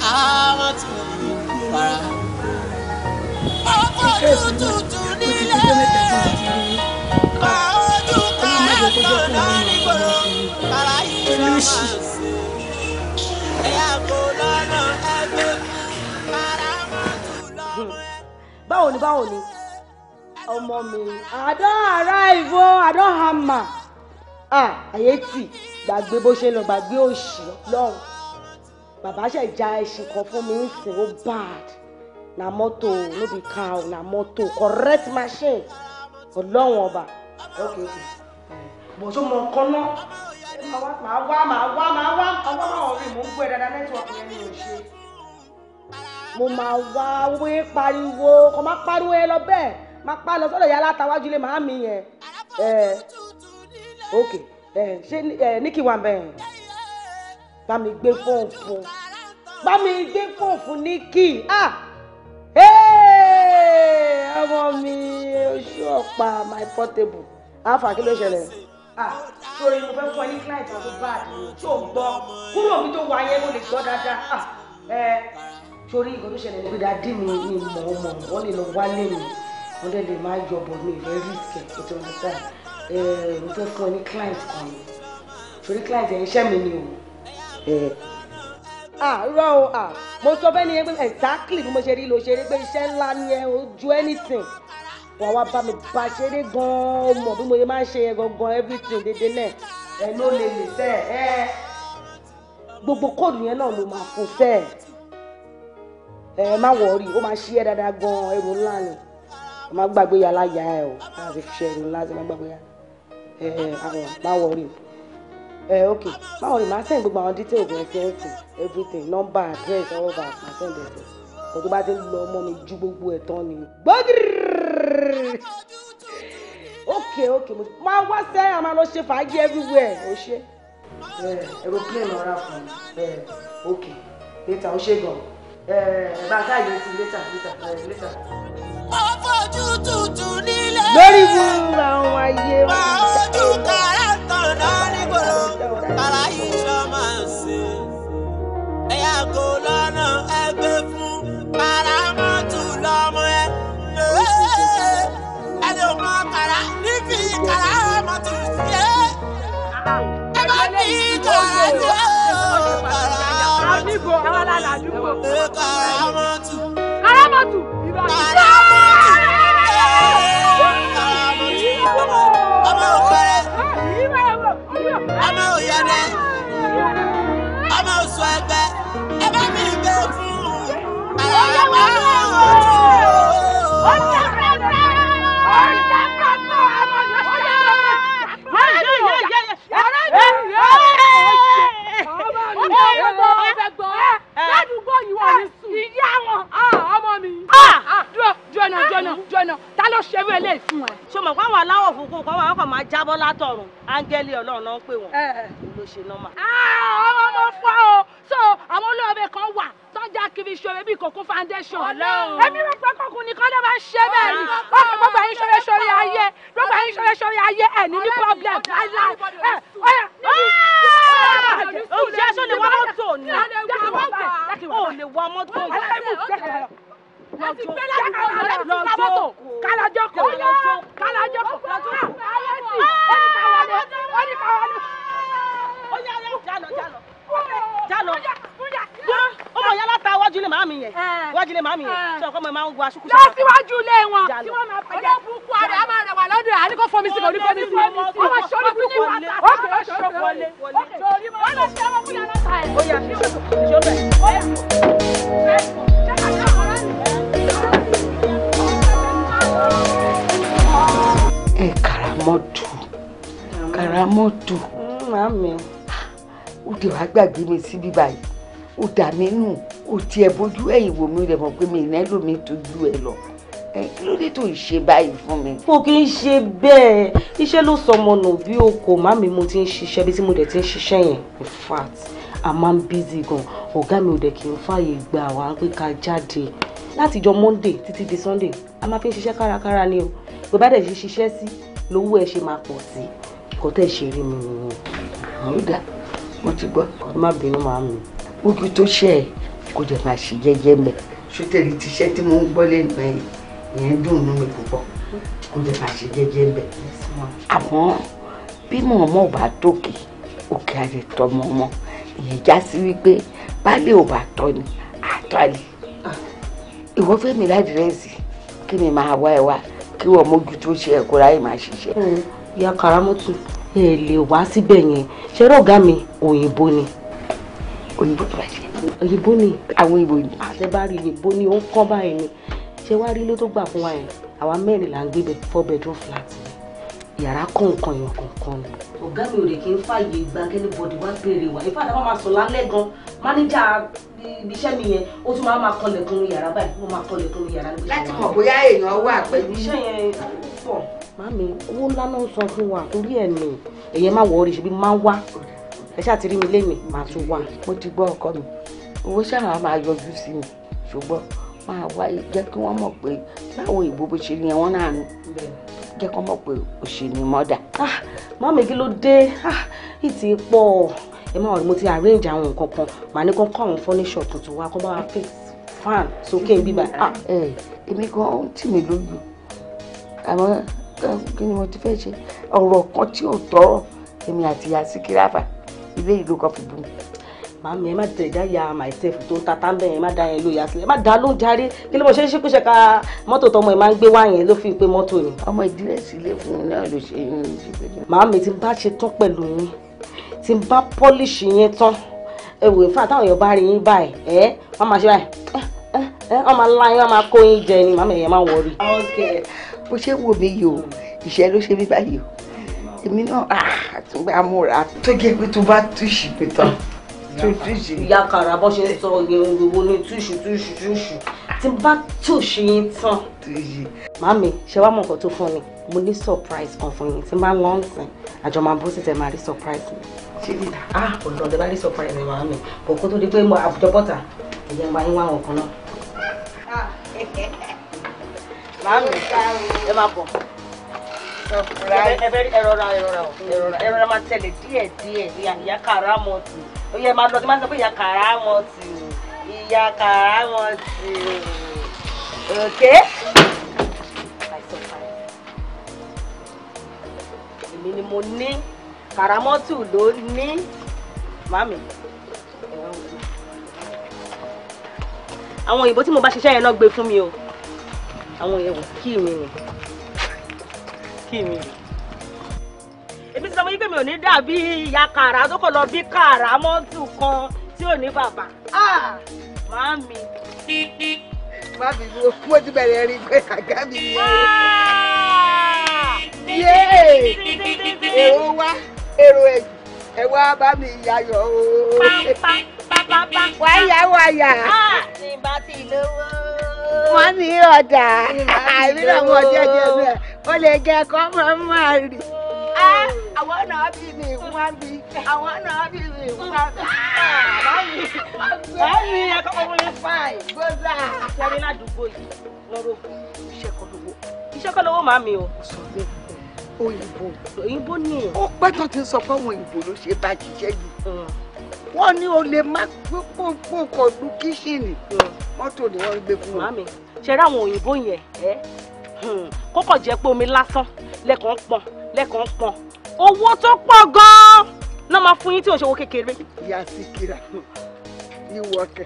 karamatu fara. ọkọ̀ tuntun nílé àwọjú kàràkàn náà nígboro kàrà yìí ló máa ṣe. ẹ̀yà lọ́nà ẹgbẹ́ karamatu lọ́mọ ẹgbẹ́. báwo ni báwo ni ọmọ mi I don arrive o I don hammer ah àyè tì gbàgbé bó ṣe lọ gbàgbé òṣì lọ́hùn bàbá ṣe ja ẹṣin kan fún mi nsìn ó bad na mọ́tò no be cow na mọ́tò correct machine ọlọ́run ọba. bọ̀dọ̀ mọ ọkọ náà màá wá màá wá màá wá ọwọ́ máa wọ̀ rí mò ń gbé dáadáa nẹ́tíwọ̀kì yẹn ni ò ṣe. mo máa wá wé pariwo kò má pariwo yẹn lọ bẹ́ẹ̀ má pa lọ sọ́dọ̀ yàrá àtàwájú ilé màá mi yẹn. ok ṣé ní kí wà bẹ́ẹ̀ bá mi gbé fóònù fún bá mi gbé fóònù fún ní kí ah ọmọ mi oṣù ọ̀pá my portable àáfà kí ló ṣẹlẹ̀ ah sori mo fẹ́ fọ ní client àti bad tó ń gbọ́ kúrò mi tó wà yẹn mo lè gbọ́ dáadáa ah ẹ sori ìgbọ́ tó ṣẹlẹ̀ níbi dáadé mi ni mọ̀ ọ́ mọ̀ wọ́n lè lọ wálé mi wọ́n dẹ̀ lè máa yọ mi ìfẹ́ risk ẹ̀ ètò ìrìnsà ẹ mo fẹ́ fọ ní client kan sori client ẹ̀ iṣẹ́ mi ni o àárọ̀ o à mo sọ bẹ́ẹ̀ ni pé exactly bí mo ṣe rí lo ṣeré pé iṣẹ́ ńlá ni ẹ o ju anything wà wá bá mi bá ṣeré gan-an mọ̀ bí mo ṣe máa ṣe yẹn gan everything dédé náà ẹ̀ ló lè lè tẹ̀ ẹ́ gbogbo kóòdù yẹn náà ló máa fún sẹ́ẹ̀ ẹ má wọrí ó máa ṣí ẹ dáadáa gan ẹrù ńlá ni ẹ má gbàgbé yàrá yà ẹ o láti fi ṣe ẹrù ńlá sí má gbàgbé yàrá ẹ àwọn má wọrí o ẹ eh, ok báwo ni màá send gbogbo àwọn details yẹn sí ẹsẹ everything number address all of that màá send ẹsẹ kò tó bá ti lọ ọmọ mi ju gbogbo ẹ tán ni. gbọ́dìrì ok ok mo máa wá sẹ́yìn àmà lọ ṣe fàájì everywhere o ṣe. aeroplane ọ̀rá fún mi ok later o ṣe gan bàtà yẹn ti later later later. lórí wúrà àwọn ayé wọn. kò lọ́nà ẹgbẹ́ fún paramọ́tù lọ́mọ ẹ. ẹni ò mọ kàrá nífi kàrá mọ́tù ṣe. ẹ bá ní kàrá ní kàrá mọ́tù. kàrá mọ̀ pé àwọn aláwọ̀ funfun kan wà wọ́n kàn máa jábọ́ látọ̀run áńgẹ́lì ọlọ́run náà ń pè wọ́n eh, eh. ló ṣe nọ́mà. Ah, ọmọ mo o so àwọn olóòbẹ kan wà tọ́jà kiri ṣore bíi kòkó foundation ẹbí rẹ pé kòkún nìkan ló máa ń ṣe bẹ́ẹ̀ ni ah. wọ́n fi gbogbo ẹ̀yin ṣore ṣore ayé gbogbo ẹ̀yin ṣore ṣore ayé ẹ̀ ní ní problem láìla ẹ̀ ọ̀yà òjẹ́ sọ lè wọ́n mọ́tò ní ò lè wọ́n mọ́tò ní ti gbé láti kó lọ lọ sábọ́tò kálájọ́ kò kálájọ́ kò ayé sì oníkàwọlé oníkàwọlé ó yá yá jálọ jálọ jálọ ọmọ yàrá ta wájú ilé màámi yẹn wájú ilé màámi yẹn sọ ọkọ mi máa ń wọ aṣọ kúṣọ. lọ síwájú ilé wọn tí wọn máa pẹjẹ olóòbùkún àrẹ a máa rẹ wà lọ́dọ̀ àní kò fomi sí kò ní fomi sí ọmọ ṣe olóòbùkún ọkẹ ọṣọ wọlé ọmọ ṣe olóòbùkún yàrá ta ẹ. karamọ́tù karamọ́tù. Mm, màámi. ó dè wá gbàgbé mi síbí báyìí ó dà mí nù ó tiẹ̀ bójú ẹ̀yìn wò mí rẹ̀ mọ̀ pé mi ìná ẹlòmíì tó ju ẹ lọ kí ló dé tó ń ṣe báyìí fún mi. mo kì í ṣe bẹ́ẹ̀ iṣẹ́ ló sọ ọmọ nù bí o kò má mi mo ti ń ṣiṣẹ́ bí tí mo dẹ̀ ti ń ṣiṣẹ́ yẹn in fact a máa ń busy gan ọ̀gá mi ò dẹ̀ kì í fààyè gba àwa pé ká jáde látijọ́ monday títí di sunday a máa fi ń ṣiṣẹ́ kárakára ni o bàbá dẹ̀ ṣe ṣiṣẹ́ sí lówó ẹ ṣe máa pọ̀ sí kò tẹ́ ṣe rí mi nìyẹn. àwọn ọ̀dà mo ti gbọ́ ẹ má bínú máa mi ojú tó ṣe ẹ kò jẹ́ máa ṣe jẹ́jẹ́ mẹ́. sọ́tẹ̀lì ti ṣẹ́ tí mo ń gbọ́ lẹ́nu ẹ̀ ìyẹn dùn ún mi púpọ̀ kò jẹ́ máa ṣe jẹ́jẹ́ mẹ́. àmọ́ bí mọ̀ọ́mọ́ ò bá tókè òkè àlè tọmọ ọmọ ìyẹn já sí wípé baálé ò bá tọ́ ni àtọ́ àlè. ìwọ fẹ́ mi ládìrẹ́sì kí mi máa wá ẹ wá kí wọ́n mójútó ṣe ẹ̀kọ́ ráyè máa ṣiṣẹ́. Hmm. ìyá Karamọ́tù ẹ lè wá síbẹ̀ yẹn ṣé rọ̀gá mi òyìnbó ni. òyìnbó tó bá ṣe. òyìnbó ni àwọn ìbò àtẹ́bárí ah, òyìnbó ni ó ń kọ́ báyìí ni ṣé wá rí ilé tó gbà fún wa yẹn àwa mẹ́rin là ń gbé bẹ̀ four bedroom flat yàrá kọ̀ọ̀kan èèyàn kọ̀ọ̀kan ni. ọ̀gá mi ò lè kí n fààyè gba anybody wá béèrè wa ìfà àdàbà máa sùn lálẹ́ gan mánéjà iṣẹ́ mi yẹn ó tún máa máa kọlẹ̀kùn mi yàrá báyìí ó máa kọlẹ̀kùn mi yàrá. láti mọ̀ bóyá èèyàn wà pẹ̀lú. iṣẹ́ yẹn pọ̀. màmí owó ńlá náà sọ fún wa torí ẹ̀ ni èèyàn máa wọ orí ṣubí máa wá ẹ ṣáà ti rí mi lémi màá tún wá. mo ti gbọ́ ọkọ mi owó ṣáà máa yọjú sí mi ṣùgbọ́n máa wá jẹ́ kí wọ́n mọ̀ pé báwo ìbò bó ṣe yẹn wọ́n náà nù jẹ́ kó mọ̀ pé òṣèlú mọ́dà mọ́mí kí ló dé ìtì ah, pọ̀ ẹ máa rí mo ti arrange àwọn nǹkan kan màá ní kó kọ́ àwọn furniture tuntun wa kó bá wa fix fan sókè bíbá. Ah, èmi gan tì mí lójú àmọ́ kí ni mo ti fẹ́ ṣe ọ̀rọ̀ kan tí ò tọ́rọ̀ èmi àti yasí kíráfà ilé ìlú kan fi bù mí màmí ẹ má tẹ̀ dáyà myself tó tata bẹ́ẹ̀ ẹ má da yẹn ló yà sílẹ̀ ẹ má da ló ń darí kí ló mọ̀ ṣe é ṣekúṣe ka mọ́tò tọmọ ẹ máa ń gbé wá yẹn ló fi pé mọ́tò ni. ọmọ ìdílé sílé fún un náà ló ṣe é yín síbẹ̀. màmí tí n bá ṣe tán pẹ̀lú yín tí n bá pọ́líṣì yẹn tán ẹ wò fún àtàwọn èèyàn bá rí yín báyìí ẹ wọ́n máa ṣe báyìí ẹ wọ́n máa lá yín wọ́n máa kó yín jẹ ni màmí ẹ̀yẹ èmi náà àtúgbà ah, múra tó gé pé tó bá túṣì pé tán ìyá kàrà bó ṣe ń sọ ìrìnwó ní túṣù túṣù túṣù tí n bá tò ṣe yín tán. màmí ṣe wá mọ̀ nǹkan tó fún mi mo ní surprise kan fún yín tí n bá lọ ń sìn àjọ máa bó sì tẹ̀ máa rí surprise mi. ṣé dídá a ọ̀dọ̀ ọ̀dọ̀ bá rí surprise mi màmí kò kó tó di pé mo àbújọ bọ́tà ìyẹn máa ń wá àwọn kan náà. Ah, [laughs] màmí ẹ máa bọ̀ ẹrọra ẹrọra ẹrọra ẹrọra máa èmi ni mo ní kàràmọ́tù ló ní màmí àwọn òyìnbó tí mo bá ṣiṣẹ́ yẹn náà gbé fún mi o àwọn òyìnbó kí mi nìyẹn àǹtí mi. èmi ti sọ fún yín pé mi ò ní dàbí ìyá kàrà tó kò lọ bí kàrà mọ́tò kan tí ò ní bàbá. Ah! má mi. má mi wo mo ti bẹ̀rẹ̀ rí pé àga mi ni ẹ. Ah! èrò wá èrò ẹ̀jù ẹ wá bá mi yayọ̀ o. wáyà wáyà. ní ah! bá ti lówó. wọ́n ní ọ̀dà àìrí àwọn ọjọ́ jẹ́ bẹ́ẹ̀ o lè jẹ kọ́ mọ́ máa rì. àwọn náà bí mi wá bí àwọn náà bí mi wá bí. báyìí ẹ̀kọ́ ọmọ mi fàì gbọ́dọ̀. sẹ́ni ládùúgbò yìí lọ́rọ̀ ògùn iṣẹ́ kan lówó iṣẹ́ kan lówó màmí o. sọ bẹ́ẹ̀ òyìnbó òyìnbó ni. ó pẹ́ tó ti sọ pé àwọn òyìnbó ló ṣe bá jíṣẹ́ yìí wọ́n ní o lè má gbogbo kọ̀ọ̀dù kíṣìnì mọ́tò ni wọ́n ń gbé fún wa. màmí ṣe rí àwọn òyìnbó yẹn Hmm. kókò jẹ́ pé omi lásán lẹ́kàn pọn lẹ́kàn pọn owó tó pọ̀ gan-an náà máa fún yín tí ò ṣòwò kékeré. ìyá Síkírà ìwọ kẹ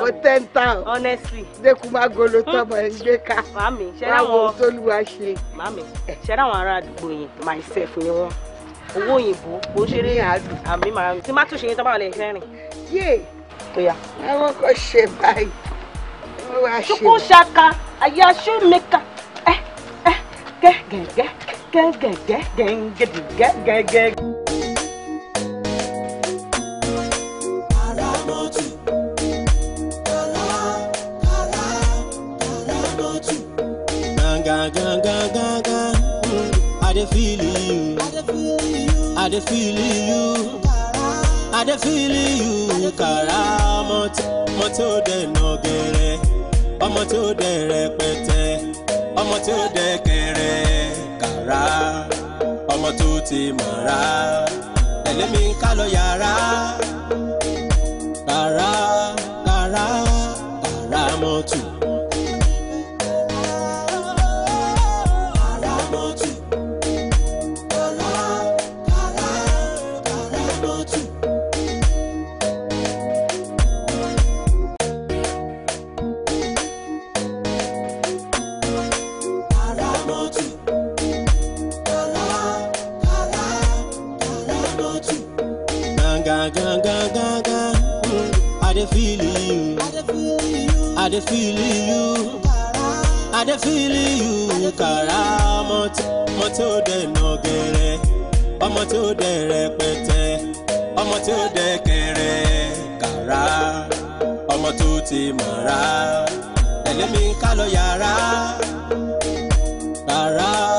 o tẹ́ ń ta o honestly dẹ́kun máa golo hmm. tọmọ ẹ̀ ń gbé ká báwo tólúwa ṣe. màmí ṣẹ́ra àwọn ará àdúgbò yẹn myself ni wọ́n owó òyìnbó kò ń ṣeré àmì màmí tí má tún ṣe yín tọ́ bá wà lẹ́yìn rẹ́rìn. yé àwọn kan ṣe báyìí. Chukwu shaka, aya shoemaker. Eh, eh, ge, ge, ge, ge, ge, ge, ge, ge, ge, ge, ge. I dey feel you, I dey feel you, I dey feel you, kara moto moto de nogere ọmọ tí ó dẹ rẹpẹtẹ ọmọ tí ó dẹ kẹrẹ kàrá ọmọ tó ti mọ̀ra tẹ̀lé ń ká yàrá kàrá kàrá kàrá mọ́tò. dey feel you. I dey feel you. I dey feel you. Kàrà ọmọ tí ó dẹ̀ nà gẹ̀rẹ̀. Ọmọ tí ó dẹ̀ rẹpẹtẹ. Ọmọ tí ó dẹ̀ kẹrẹ. Kàrà ọmọ tó ti mọ̀ra. Ẹlẹ́mi ń ká lọ yàrá. Kàrà.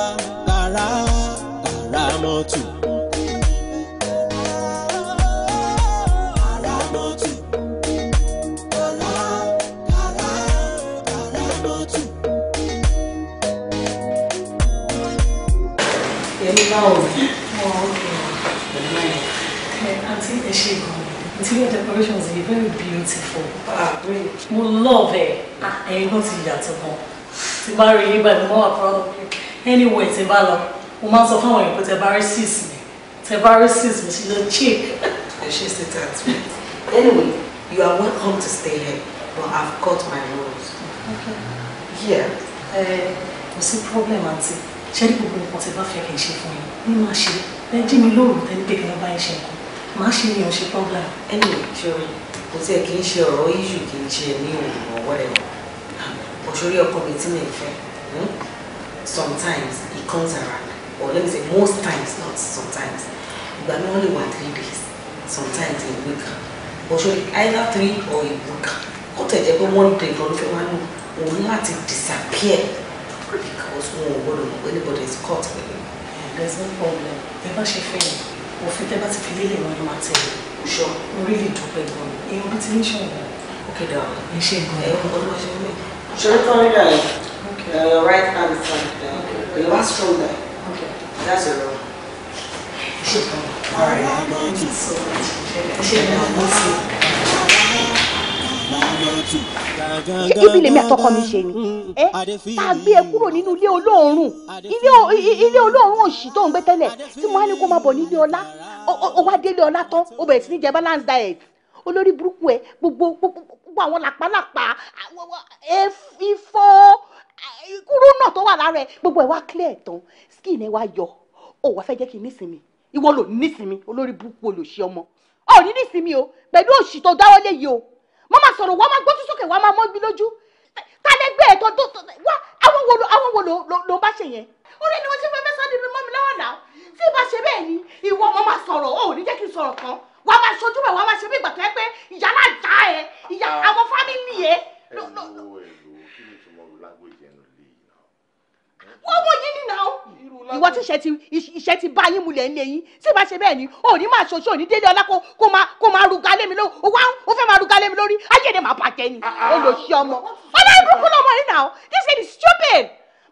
Auntie, is she gone? Interior your decorations are very beautiful. Ah, really? we love it. Ah, ẹ̀yin náà ti yàtọ̀ gan. Tí bá rí yín more mo proud of you. Anyway, tí bá lọ, mo máa sọ fún àwọn èèyàn pé tẹ bá rí sis mi. Tẹ she's a chick. And she's the tattoo. Anyway, you are welcome to stay here, but I've got my rules. Okay. Yeah. Ẹ eh, kò sí problem Auntie? Ṣé ní gbogbo nǹkan tí bá fẹ́ kí for you? ní máa ṣe ẹ jí mi lóòrùn tẹ́lẹ̀ pé kí n bá ẹ ṣe nǹkan máa ṣe ni ọ̀ṣẹ́ program. ẹnì ìṣòro kò tí ẹ kì í ṣe ọ̀rọ̀ yíyù kì í ṣe ní òògùn ọwọ́ rẹ̀ wọ̀ ọ̀ṣọ́rí ọkọ mi tí mi ń fẹ́ hmm? sometimes it comes around or let me say most times not sometimes ìgbà mi wọ́n lè wà three days sometimes a week ọ̀ṣọ́rí either three or a week kó tẹ̀jẹ́ pé one day lọ́dún fẹ́ wá nù òun láti disappear because wọn ò gbọ́dọ̀ mọ̀ anybody is caught pẹ̀lú. There's no problem ẹ bá ṣe we yẹn òfin tẹ́ bá ti fi lélẹ̀ wọn ni máa tẹ̀lé ṣọ orí lè dúpẹ́ gan èèyàn bí ti ní ṣọ̀wọ́ òkè dà ọ́ ẹ ṣe gan ẹ ọmọ ọdún ọṣẹ mi. ṣòro tán rí rẹ̀ yẹn your right hand side. on the last row there Okay. that's your row. ṣe gan ọ̀rẹ́ ẹ ṣe gan ọ̀rẹ́ ẹ ṣe gan ọ̀rẹ́ ẹ ṣé ibi lèmi àtọkọ mi ṣe ni ẹ tá a gbé ẹ kúrò nínú ilé olóòórùn ilé olóòórùn òṣì tó ń gbé tẹ́lẹ̀ tí mo á ní kó máa bọ̀ nílé ọlá ó wá délé ọlá tán ó bẹ̀rẹ̀ sí ní jẹ balance diet olórí burúkú ẹ gbogbo gbogbo àwọn làpálàpá ifo kúrú náà tó wà lára ẹ gbogbo ẹ wá clear tán skin ẹ wá yọ ó wá fẹ́ jẹ́ kí n nísinmi ìwọ ló nísinmi olórí burúkú olùṣí ọmọ ọ̀ ní nísinmi o pẹ̀lú òṣì tó dáwọ́lé yìí o wọ́n máa sọ̀rọ̀ wọ́n máa gbójú sókè wọ́n máa mọ́bí lójú ta lẹ gbé ẹ̀tọ́ tó tó wá àwọn wo àwọn wo ló bá ṣe yẹn orí ni wọ́n ṣe fẹ́ fẹ́ sáré mi mọ́ mi lọ́wọ́ náà tí ìbá ṣe bẹ́ẹ̀ ni ìwọ ọmọ máa sọ̀rọ̀ o ò ní jẹ́ kí n sọ̀rọ̀ kan wà á máa ṣojú bẹ̀ wà á máa ṣe bí ìgbà tó yẹ pé ìyá náà já ẹ ìyá ah. àwọn fámìlì ẹ. ẹ ẹ wo ẹ ìwọ tí ìṣẹ́ ti bá yín mulẹ̀ ńlẹ̀ yín tí ìbá ṣe bẹ́ẹ̀ ni ò ní máa ṣoṣo ní délé ọlá kó máa kó máa ruga lé mi lórí ó wá ó fẹ́ máa ruga lé mi lórí ayé ni màá bàjẹ́ ni ah, ah, ah. olùsí ọmọ ọlọ́run burúkú lọ́mọ yìí náà this thing is stupid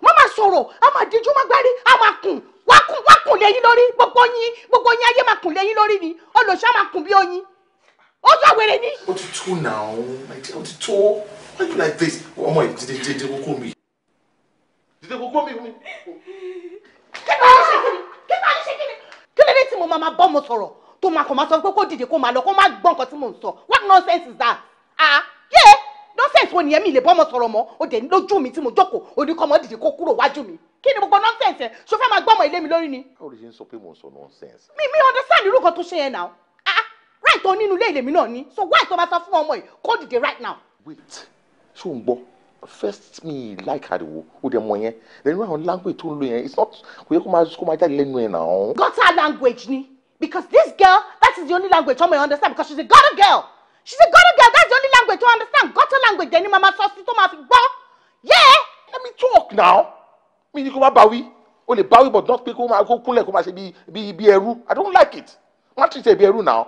má máa sọ̀rọ̀ a máa díjú má gbárí a máa kùn wá kùn wá kùn lẹ́yìn lórí gbogbo yín gbogbo yín ayé máa kùn lẹ́yìn lórí ni olùsí á máa kùn bí oyin ó tó àwèrè ni. ó ti tó náà ó ti tó why you like this ọmọ yìí dídé dídé kókó mi dídé kókó mi kíkà yìí ṣe kíni kíkà yìí ṣe kíni kí ló dé tí mo máa bọ́ mo sọ̀rọ̀ tó máa kàn máa sọ pé kó dìde kó máa lọ kó máa gbọ́ nǹkan tí mò ń sọ what nonsense is that ah yeah nonsense wo nìyẹn mi lè bọ́ mo sọ̀rọ̀ mọ́ o dẹ̀ lójú mi tí mo jókòó oníkọ́mọ dìde kó kúrò wájú mi kí ni gbogbo nonsense So ṣo fẹ́ máa gbọ́ ọmọ ilé mi lórí ni. káwọn lè ṣe ń sọ pé mò ń sọ nonsense. mi mi understand irú kan tó ṣe yẹn náà ah right tó nínú ilé ìlèmí náà ni so why tó bá sọ fún ọmọ yìí kó dìde right now. wait ṣó ń gbọ́ first me like her ariwo o dẹ̀ mọ̀ yẹn lẹ́nu àwọn language tó ń lò yẹn it's not kò yẹ kó máa kó máa jáde lẹ́nu ẹ̀ náà. gutter language ni because this girl that is the only language ọmọ yẹn understand because she's a gutter girl she's a gutter girl that's the only language to understand gutter language dẹ̀ mama so sí to máa fi gbọ́ yeah. let me talk now Me ni kó má báwí o lè báwí but not pé kó máa kó kúnlẹ̀ kó máa ṣe bí bí ẹrú i don't like it wọ́n á treat ẹ bí ẹrú now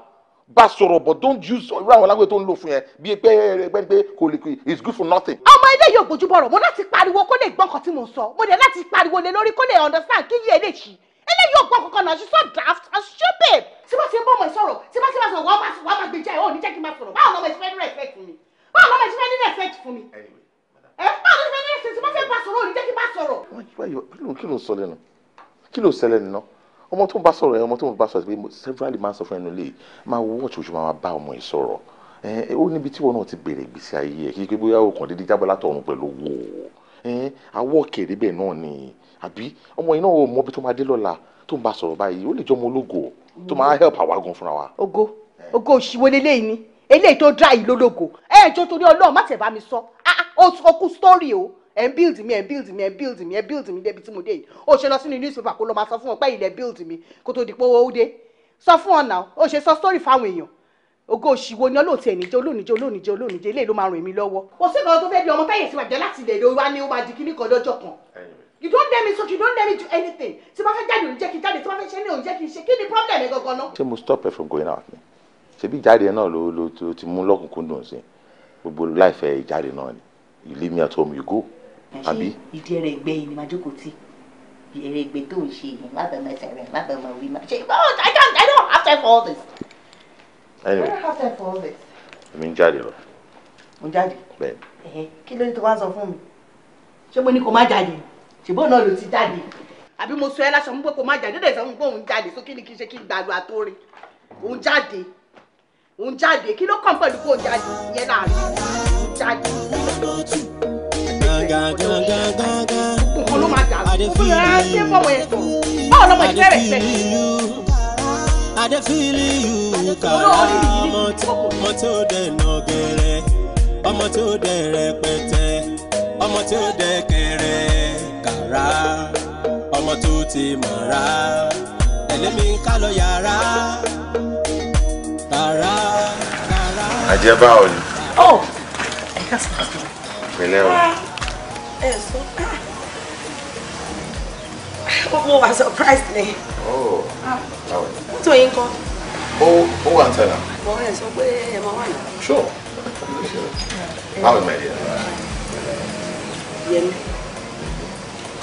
bá sọ̀rọ̀ but don't use irú àwọn alágbèrè tó ń lò fún yẹn bíi pé ẹgbẹ́ pé kò lè kì it's good for nothing. ọmọ ilé yóò gbójú bọ̀rọ̀ mo láti pariwo kó lè gbọ́kàn tí mo sọ mo dẹ̀ láti pariwo lé lórí kó lè understand kí yé lè ṣí eléyìí ò gbọ́ kankan náà she's so daft and stupid. tí bá ti ń bọ́ ọmọ ìsọ̀rọ̀ tí bá ti máa sọ̀rọ̀ wàá máa wàá máa gbèjà ẹ̀ ò ní jẹ́ kí n máa sọ̀rọ̀ báwo lọ́mọ ìfẹ́ nínú effect fún mi báwo lọ́mọ ìfẹ́ nínú effect fún mi. Eh, ẹ báwo lọ́mọ ìfẹ́ nínú effect tí bá ti ń bá sọ̀rọ̀ ò ní jẹ́ kí n bá sọ̀rọ̀. kí ló ń sọ lẹ́nu kí ló ń ṣẹlẹ̀ nínú ọmọ tó ń bá sọ̀rọ̀ ẹ ọmọ tó ń bá sọ̀rọ̀ ẹ severally máa ń sọ fún ẹnu lè máa wọ́ọ̀tì ojú máa bá ọmọ ẹ sọ̀rọ̀ ó níbi tí wọn náà ti bèrè ìgbésí ayé ẹ kíkẹ́ bóyá o kàn déédéé jábọ̀ látọ̀run pẹ̀lú owó awọ́ kèrè bẹ́ẹ̀ náà ni àbí ọmọ yìí náà ò mọ bí tó máa dé lọ́la tó ń bá sọ̀rọ̀ báyìí ó lè jọ ọmọ ológo tó máa help àwa gan fúnra ogo ogo òṣìwò leléyìí ni eléyìí tó dá yìí lólógo ẹ jọ torí Ọlọ́run má tẹ̀ bá mi sọ ó ah, ah, kú ẹ ń build mi ẹ ń build mi ẹ ń build mi ẹ ń build mi débi tí mo dé yìí ó ṣe lọ sínú newspaper kó lọ máa sọ fún wọn pé ilẹ̀ build mi kó tó di pé owó dé sọ fún ọ̀nà ó ṣe sọ story fáwọn èèyàn ògo òṣìwò ni olóòtú ẹnìjẹ olóòníjẹ olóòníjẹ olóòníjẹ eléyìí ló máa ràn mí lọ́wọ́. kò sí kan tó fẹ́ di ọmọ fẹ́yìntì wàjẹ́ láti ilẹ̀ èdè wa ni ó máa di kíní kan lọ́jọ́ kan. you don't let me so you don't let me do anything tí bá fẹ́ jáde òun jẹ́ kí n jáde tí bá fẹ́ ṣe ní òun jẹ́ kí n ṣe kí ni problem ẹ gangan náà. ṣé mo stop ẹ from going out ni ṣebí ìjáde náà ló ló ti mú lọ́kùnkúndùn sí gbogbo láìfẹ́ ìjáde náà ni you leave me at home you go àbí. ìdí ẹrẹ ìgbẹ́ yìí ni màá jókòó tì ẹrẹ ìgbẹ́ tó ń ṣe yìí lábẹ́ ọmọ ẹsẹ̀ rẹ̀ lábẹ́ ọmọ orí máa ṣe oh I don't I don't have time for all this. anyway I don't have time for all this. èmi ń jáde lọ. mo jáde. bẹ́ẹ̀. kí ló ní tó wá sọ fún mi ṣé mo ní kó má jáde ṣùgbọ́n náà ló ti jáde àbí mo sọ ẹ láṣọ mú pé kó má jáde dédé sọ fún pé òun jáde sókè ní kí n ṣe kí n gbàgbọ́ àtórin òun jáde òun jáde kí ló kàn pẹ̀lú gangan gangan gangan. nǹkan ló máa jà ọmọ tó dẹ̀nà gẹ̀rẹ̀ rẹpẹtẹ ọmọ tó dẹ̀ kẹrẹ kàrà ọmọ tó ti mọ̀ra ẹlẹ́mi ń ká lọ yàrá kàrà kàrà. àjẹbá ò ní. ọ oh, ẹ ká sọ. pẹ̀lẹ́ o. Ah ẹ sọ [coughs] mo wà surprised ni. mọ́tò oh. ah. ah, yín kọ́. ó ó wà oh, tẹ̀lé. mo ẹ sọ pé ẹ máa wà ní. sure How báwo ni ẹ yẹmi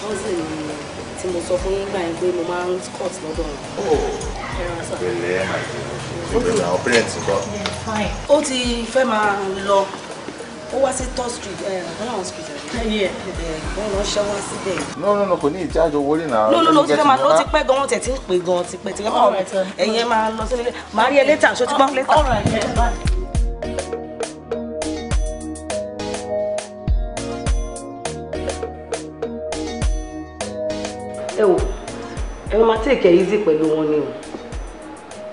cousin tí mo sọ fún yín gbà yín pé mo máa ń scott lọ́dọ̀ rẹ̀. Oh. ó ti fẹ́ máa lọ ó wá sí third street eh, ọlọ́run street ẹ̀ eh, eh, wọ́n lọ ṣe wá síbẹ̀. no no no kò ní ìjáàjọ owó rí náà. no no no ti fẹ́ máa lọ ti pẹ́ gan wọn tẹ̀ ti ń pè gan ti pẹ́ ti pẹ́ kọ́ ẹ̀yẹ máa lọ sílé máa rí ẹ létà ṣó ti gbọ́n létà. ẹ wò ẹ máa tèkẹ́ easy pẹ̀lú wọn ni o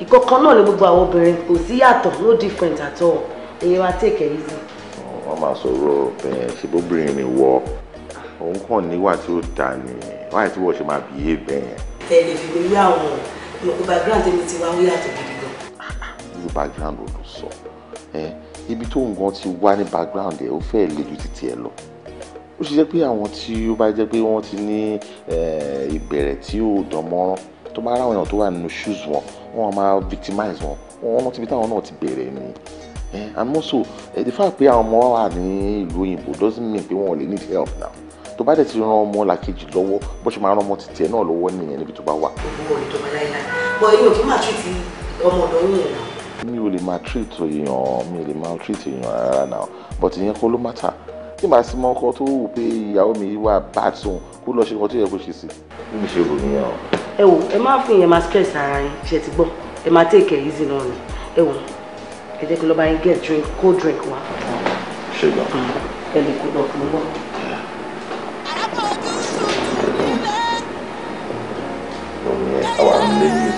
ìkọ̀kan náà ni gbogbo àwọn obìnrin kò sí yàtọ̀ no different at all èyí take tèkẹ́ easy wọ́n máa sọ̀rọ̀ ṣèbóbìnrin ni wọ́ òun kàn níwà tí ó ta ni wáyé tí wọ́n ṣe máa bí yé bẹ́ẹ̀. ẹ lè fi lórí àwọn ìmọ̀kò background tèmi ti wá ń yàtọ̀ gidi gan. Ah, irú background ò ló sọ ibi tó ń gan ti wá ní background ẹ̀ ó fẹ́ le ju títí ẹ lọ ó ṣe jẹ́ pé àwọn tí ó bá jẹ́ pé wọ́n ti ní eh, ìbẹ̀rẹ̀ tí ò dánmọ́rán tó bá ráwọn èèyàn tó wà nínú shoes wọn wọ́n máa victimize wọn wọ́n ti bí táwọn náà ti bẹ̀rẹ̀ ni. Eh, and also eh, the fact pé àwọn ọmọ wa wà ní ìlú doesn't mean pé wọn ò need help now To bá dẹ̀ ti ran ọmọ làkejì lọ́wọ́ bó ṣe máa ran ọmọ títí ẹ̀ náà lọ́wọ́ nìyẹn níbi tó bá wà. owó ìjọba láìláì bọ èyí ò kí máa tún ti ọmọ ọ̀dọ́ yìí rẹ̀ mi ò lè máa treat èèyàn mi ò lè máa treat èèyàn rárá náà but ìyẹn kọ́ ló matter tí màá sì mọ ọkọ tó wù pé ìyàwó mi wà bad sóun kó lọ ṣe nǹkan tó yẹ kó ṣe sí i mi ṣe rò nìyẹn o. ẹ wo ẹ má fi ìyẹn máa stress ara yín ṣe ti gbọ́ ẹ máa take it easy náà ni ẹ wo ẹ jẹ́ kí lọ́ba yín get drink cold drink wa. ṣùgbọ́n mm. ẹ lè lọ fún wọn. àwa ń mi ní lè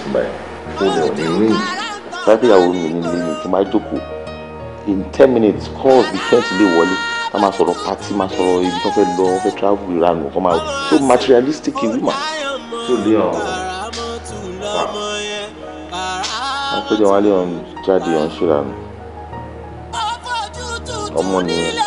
ní máa jókòó in ten minutes calls the fence lè wọlé a máa sọ̀rọ̀ party máa sọ̀rọ̀ ibi tó fẹ́ lọ fẹ́ travel ìranù kan máa so materialistic woman tó lé ọ̀rọ̀ ah. àpéjọ wálé ọ̀run jáde ọ̀hún ṣe lànà ọmọ nìyẹn.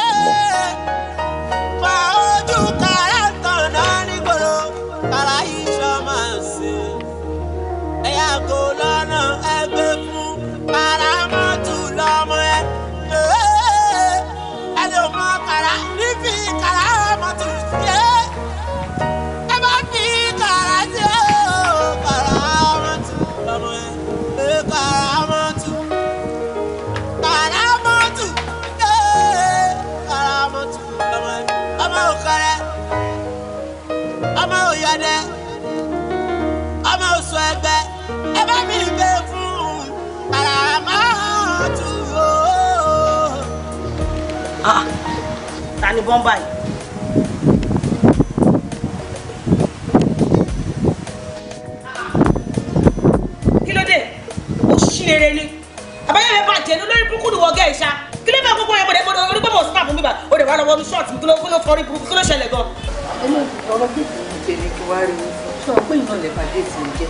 ní bọ́m̀bà yìí. kí ló dé o ṣílere ni àbáyọ̀lẹ̀ bàjẹ́ ní olórí burúkú ni wọ́n gẹ̀ ìṣá kí ló bá gbogbo ẹ̀ bọ̀dẹ̀ bọ̀dẹ̀ onígbàmọ̀ sí pàfún bíbà ó dẹ̀ wá lọ́wọ́ ní ṣọ́ọ̀tì kí ló fọ́rí burúkú kí ló ṣẹlẹ̀ gan. ẹni ìtọ́lọ́gbẹ̀ẹ́ tèmi kí wá rí i sọ pé iná lè bàjẹ́ ti ń jẹ́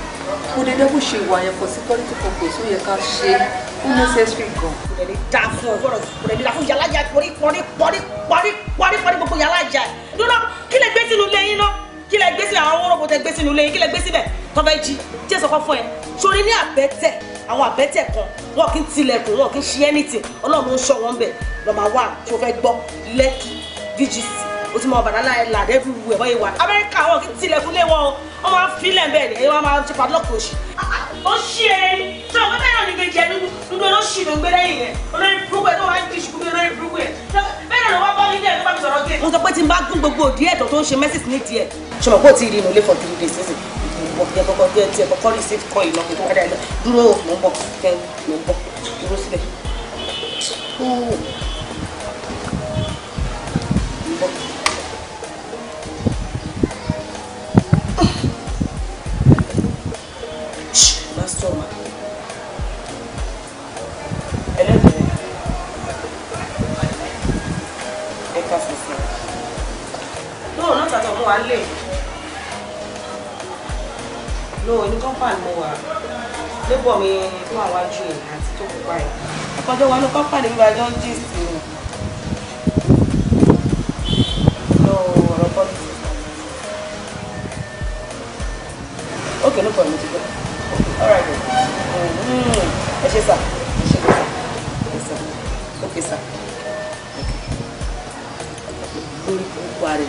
kò lè dẹ́kun ṣe ìwà yẹn for security purpose ó yẹ ká ṣe ó necessary gan. kò lè dá fún ọ gbọ́dọ̀ kò lè dá fún yàlájà pọrí pọrí pọrí pọrí pọrí pọrí gbogbo yàlájà ẹ dúró kí lè gbé sínú ilé yín náà kí lè gbé sí àwọn wọ́rọ̀kọ̀ tẹ gbé sínú ilé yín kí lè gbé síbẹ̀ tọ́fẹ́ jí jẹ́ sọ́kọ́ fún ẹ sórí ní àbẹ́tẹ̀ àwọn àbẹ́tẹ̀ kan wọn kì í tilẹ̀kùn wọn kì í ṣe anything ọlọ́run ń ṣọ wọn bẹ̀ lọ́ọ́ máa wà tó fẹ́ gbọ́ lẹ́kì VGC o ti máa bàdánà ẹ̀ là dẹ́bù ẹ̀ bọ́ ìwà amẹ́ríkà wọn kì í tilẹ̀kùn lé wọn wọn máa fi ilẹ̀ bẹ́ẹ̀ ni wọn máa ṣe padlock oṣù. ó ṣe é tí wọn bẹ́ẹ̀ ní gbèjẹ nínú olóṣì ló ń gbé lẹ́yìn rẹ̀ olórí burúkú ẹ̀ tó wàá di ṣùkú olórí burúkú ẹ̀ bẹ́ẹ̀ ló wá bọ́ nílé ẹ̀ tó bá mi sọ̀rọ̀ gé. mo sọ pé tí n bá gún gbogbo òdì ẹ̀tọ́ tó ń ṣe mẹ́sìs ní tiẹ̀ ṣọmọ kó o ti rí for three days mo bọ̀ kí ẹ kọ́kọ́ bí ẹ ti ẹ kọ́kọ́ coin lọ tó padà lọ dúró mo ń bọ̀ kẹ́ mo ń bọ̀ dúró síbẹ̀. 不。tajọ ń jí sí no problem. pọ̀ tì ókè ló pọ̀ mi ti ẹ ṣe sà ẹ ṣe sà ẹ sà ókè sà lórí gbogbo àrẹ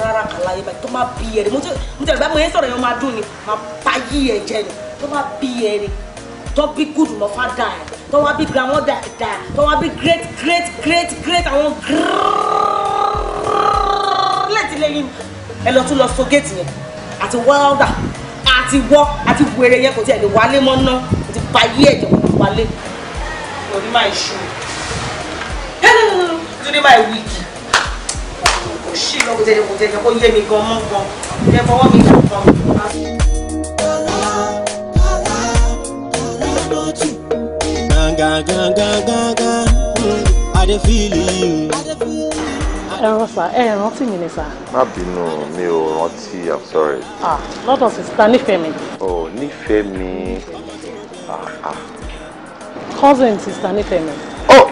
rárá kàlá yìí báyìí tó má bí ẹ̀rí mo tẹ̀lé bá mo yẹn sọ̀rọ̀ yẹn máa dùn ni máa pa yí ẹ̀ jẹ ni tó má bí ẹ̀rí tó bí gùdù lọ fà dà ẹ̀ tó wá bí gbàmọ́ dà ẹ̀ dà ẹ̀ tó wá be great great great great I want àwọn lẹ́tìlẹ́yìn ẹ lọ tún lọ so géètì yẹn àti wọ́ọ́dà àti wọ́ àti wèrè yẹn kò tí ẹ̀ lè wálé mọ́ ná kò ti ba the ẹ̀jẹ̀ kò wálé lórí máa ṣu lórí máa the kò sí lọ kò tẹ̀lé kò tẹ̀lé kò yé mi gan mọ́ gan ẹ fọwọ́ mi kàn kàn. gangan gangan gan I dey feel you. ẹ rántí ẹ rántí mi ni sá. má bínú mi ò rántí i'm sorry. ah lọ́dọ̀ sista nífẹ̀ẹ́ mi. oh nífẹ̀ẹ́ mi ah ah. cousin sista nífẹ̀ẹ́ mi. oh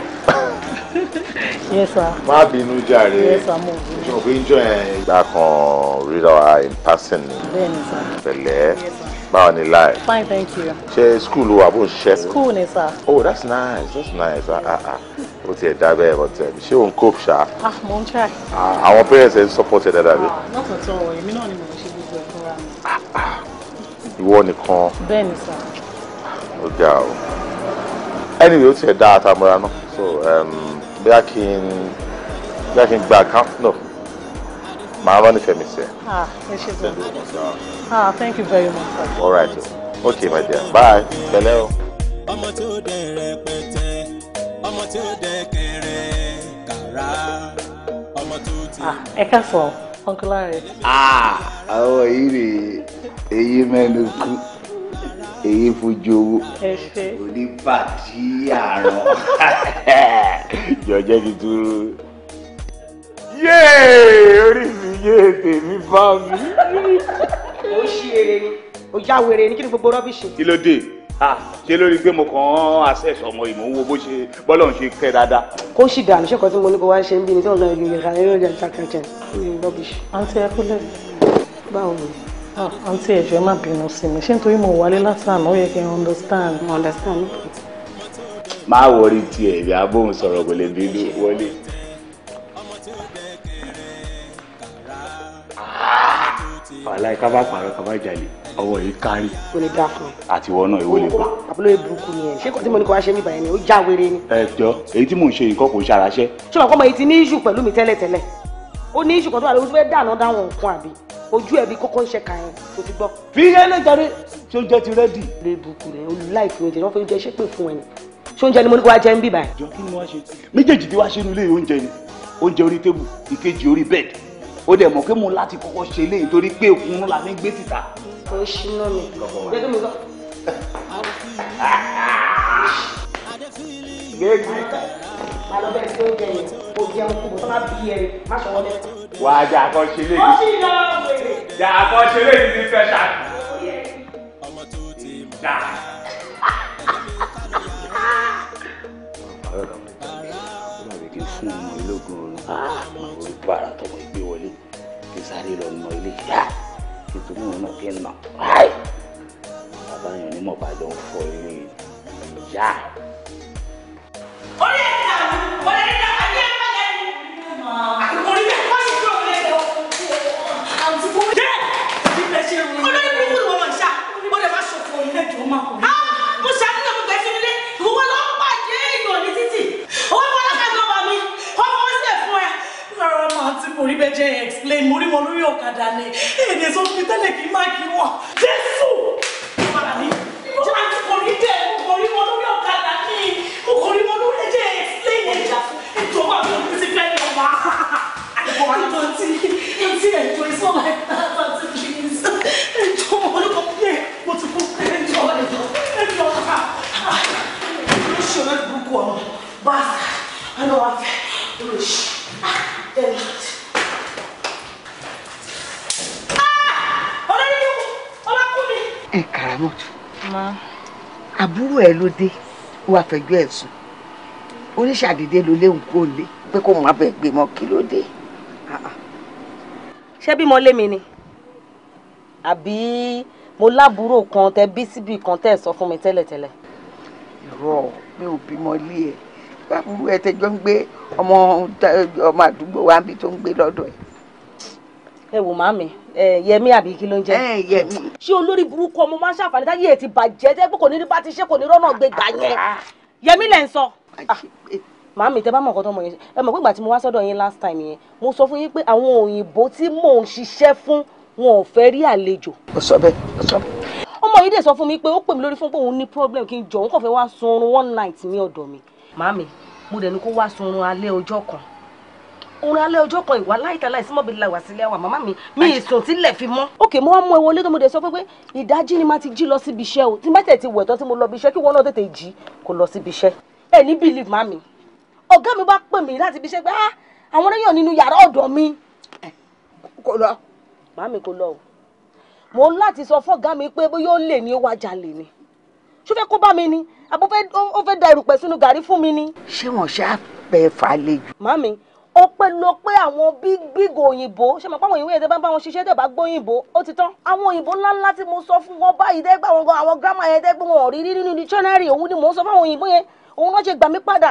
[laughs] yes sir. má bínú jàre yes sir mo bínú. ìṣòro pé ń jọ ẹ. ìgbà kan rírà in person ni. bẹ́ẹ̀ ni sá. pẹ̀lẹ́. yes báwo ni láì. fine thank you. ṣe school wa bó ń ṣiṣẹ́. school ni sir. oh that's nice that's nice ah ah o ah. tiẹ̀ dá bẹ́ẹ̀ bọ̀ tẹ̀ eh, ṣé o ń cope ṣá. ah mo ń try. Ah, àwọn parents ẹ̀ ń support ẹ̀ dáadáa bí. Ah, not at all èmi náà ni mo ṣe gbogbo ẹ̀ fúnra mi. ìwọ nìkan. bẹ́ẹ̀ ni sir. ó ga o anyway ó tiẹ̀ dá àtàmúra náà so bí a kì í bí a kì í gba account náà màá rán nífẹ̀ẹ́ mi sí ẹ. ẹ ṣe bẹ́ẹ̀ ah thank you very much. all right okay my dear bye pẹ̀lẹ́ o. ọmọ tí ó dẹ rẹpẹtẹ ọmọ tí ó dẹ kẹrẹ kàrà ọmọ tó ti. Ah, ẹ káfọ uncle Larry. Ah, àwọn yìí rèé èyí mẹ́nu kú èyí fojú owó onípàtí àrùn [laughs] [laughs] jọjẹ tuntun yéé orí yé ètè mi bá mi. ó ṣí eré ni ó yá wèrè ni kí ni gbogbo rọ́bìṣì. kí ló dé ṣé lórí pé mo kàn án access ọmọ yìí mò ń wo bó ṣe bọ́lọ̀ ń ṣe kẹ́ dáadáa. kó sì dànù ṣé kan tí mo ní kó wá ṣe ń bí ni tí wọn náà yìí rà nínú ìjà kẹkẹ ní rọ́bìṣì. àǹtí ẹ kúlẹ̀. báwo ni. àǹtí ẹ̀jọ̀ ẹ má bínú sí mi ṣé nítorí mo wálé látàn ó yẹ kí n understand. mo understand. máa wọrí tiẹ̀ ìyá bóun sọ̀rọ̀ kò lè bínú wọlé. wàhálà ìka bá pààrọ̀ kàbá ìjàlè ọwọ́ yìí kárí. o lè dákun. àti ìwọ náà ìwọ lè gbọ́. àbúrò yìí burúkú ni ẹ ṣé kò tí mo ní kó wá ṣe mí bàyẹn ni ó já wèrè ni. ẹ jọ èyí tí mò ń ṣe yìí kọ́ kò ń ṣe ara ṣẹ́. ṣé ọkọ ọmọ yìí ti ní iṣu pẹ̀lú mi tẹ́lẹ̀tẹ́lẹ̀ ó ní iṣu kan tó wà lórí fẹ́ dáná dáwọn nǹkan àbí ojú ẹbí kókó ń ṣe kàn yín tó ti gbọ́. fi iye lè jàre ṣé oúnjẹ ti rẹ́dì. lè bùkù rẹ olùláìfẹ́ oúnjẹ wọn fẹ́ oúnjẹ ṣépè fún ẹni ṣé oúnjẹ ni mo ní kó wá jẹ ń bì báyìí. jọ kí ni wọn ṣe méjèèjì tí wàá ṣe nílé oúnjẹ ni oúnjẹ orí tébù ìkejì orí ó dẹ̀ mọ̀ pé mo láti kọ́kọ́ ṣe eléyìí torí pé òkun ńlá ní gbé síta. o ṣúná mi jẹ́kí mi lọ bẹ́ẹ̀ tí jẹ yẹn jẹun kò tó má bí ẹ má ṣọwọ́ dẹ. wà á jà kọ́ léyìí. ó sì lọ wèrè. jà kọ́ léyìí ní fẹ́ṣà. jà. ọ̀rọ̀ mi kí sáré lọ mọ ilé yá nítorí òun náà kí n nà báyìí bàbá yẹn onímọ̀ bá lọ ń fọ ilé yá. orí ẹ̀ka wọlé nígbà wà ní ẹ̀ka lẹ́nu àkókò orí bẹ́ẹ̀ kọ́ sí kúrò lé lọ àti kúrò. jẹ́ ìbí bẹ́ẹ̀ ṣe rú. ọlọ́yin kúkú ìwọ lọ ṣá ó lè má ṣòfò ilé ìjọ máa kọ́. kò rí bẹ́ẹ̀ jẹ́ explain mo rí wọn lórí ni èdè sọ fún mi tẹ́lẹ̀ kí n má kí wọn. jésù padà ní jẹ́ kò rí bẹ́ẹ̀ mo kò rí wọn lórí ọ̀kadà ni mo kò rí wọn lórí ẹ̀jẹ̀ explain ẹ̀jà ìjọba mi ò fi ti fẹ́ lọ wá àìbọ̀ àìbọ̀ tí. àbúrò ẹ ló dé wàá fẹjọ́ ẹ sùn oníṣàdédé ló léwu kó lé pé kó má bẹ́ẹ̀ gbé mọ́ kí ló dé. ṣé bí mo lé mi ni àbí mo lábúrò kan tẹ bí síbi kan tẹ sọ fún mi tẹ́lẹ̀tẹ́lẹ̀. irọ́ mi ò bímọ lé ẹ báwo ẹ tẹjọ ń gbé ọmọ ọmọ àdúgbò wa níbi tó ń gbé lọ́dọ̀ ẹ. ẹ wò má mi yẹmí àbí kí ló ń jẹ. ṣé olórí burúkú ọmọ máa ń ṣàǹfààní táyé ẹ ti bàjẹ́ tẹ́ pé kò ní ní bá ti ṣe kò ní rọ́nà gbégbà yẹn ah. yẹmí lẹ̀ ń sọ ah. màámi tẹ bá mọ nǹkan tó mọ yẹn ẹ mọ pé ìgbà tí mo wá sọ́dọ̀ yín last time yẹn mo sọ fún yín pé àwọn òyìnbó tí mò ń ṣiṣẹ́ fún wọn ò fẹ́ rí àlejò. ó sọ bẹ́ẹ̀ ó sọ bẹ́ẹ̀. ọmọ yìí dẹ̀ sọ fún mi pé ó pè mí lórí fún pé òun ní problem kí n jọ òun kàn fẹ́ wá sunrun one night ní ọ̀dọ̀ mi. màámi mo dẹ̀ ní kó wá sunrun alẹ́ ọjọ́ kan orin alẹ́ ọjọ́ kan ìwà láìta láìsí mọ́bi la wà sílé àwọn màmá mi mi ìsùn sílẹ̀ fi mọ́. òkè mo wá mú ẹ wọlé tó mo dé sọ pé pé ìdájí ni màá ti jí lọ síbi iṣẹ́ o tí mẹ́tẹ̀ ti wẹ̀ tán tí mo lọ bí iṣẹ́ kí wọ́n náà tètè jí kó lọ síbi iṣẹ́. ẹ ní believe màmí ọ̀gá mi bá pè mí láti ibi iṣẹ́ pé ah, àwọn èèyàn nínú yàrá ọ̀dọ̀ mi. Eh, kò lọ. màmí kò lọ o mo ń láti sọ fọ́gá mi pé bóyá ó lè ní ó wájà lè ní ṣó fẹ́ kó bá mi ni àbó ó fẹ́ da ìrùpẹ̀ sínú gàrí fún mi ni. ṣé wọn ṣe àpẹ fàlejò. màmí ó pé ló pé àwọn bígbìgò òyìnbó ṣe mọ̀ pé àwọn ìwé yẹn tẹ́ bá ń bá wọn ṣiṣẹ́ tẹ́ bá gbọ́ òyìnbó ó ti tán àwọn òyìnbó ńláńlá tí mo sọ fún wọn báyìí dẹ́gbà wọn gan àwọn gírámà yẹn dẹ́gbà wọn rí rí nínú dictionary òun ni mò ń sọ fún àwọn òyìnbó yẹn òun náà ṣe gbà mí padà.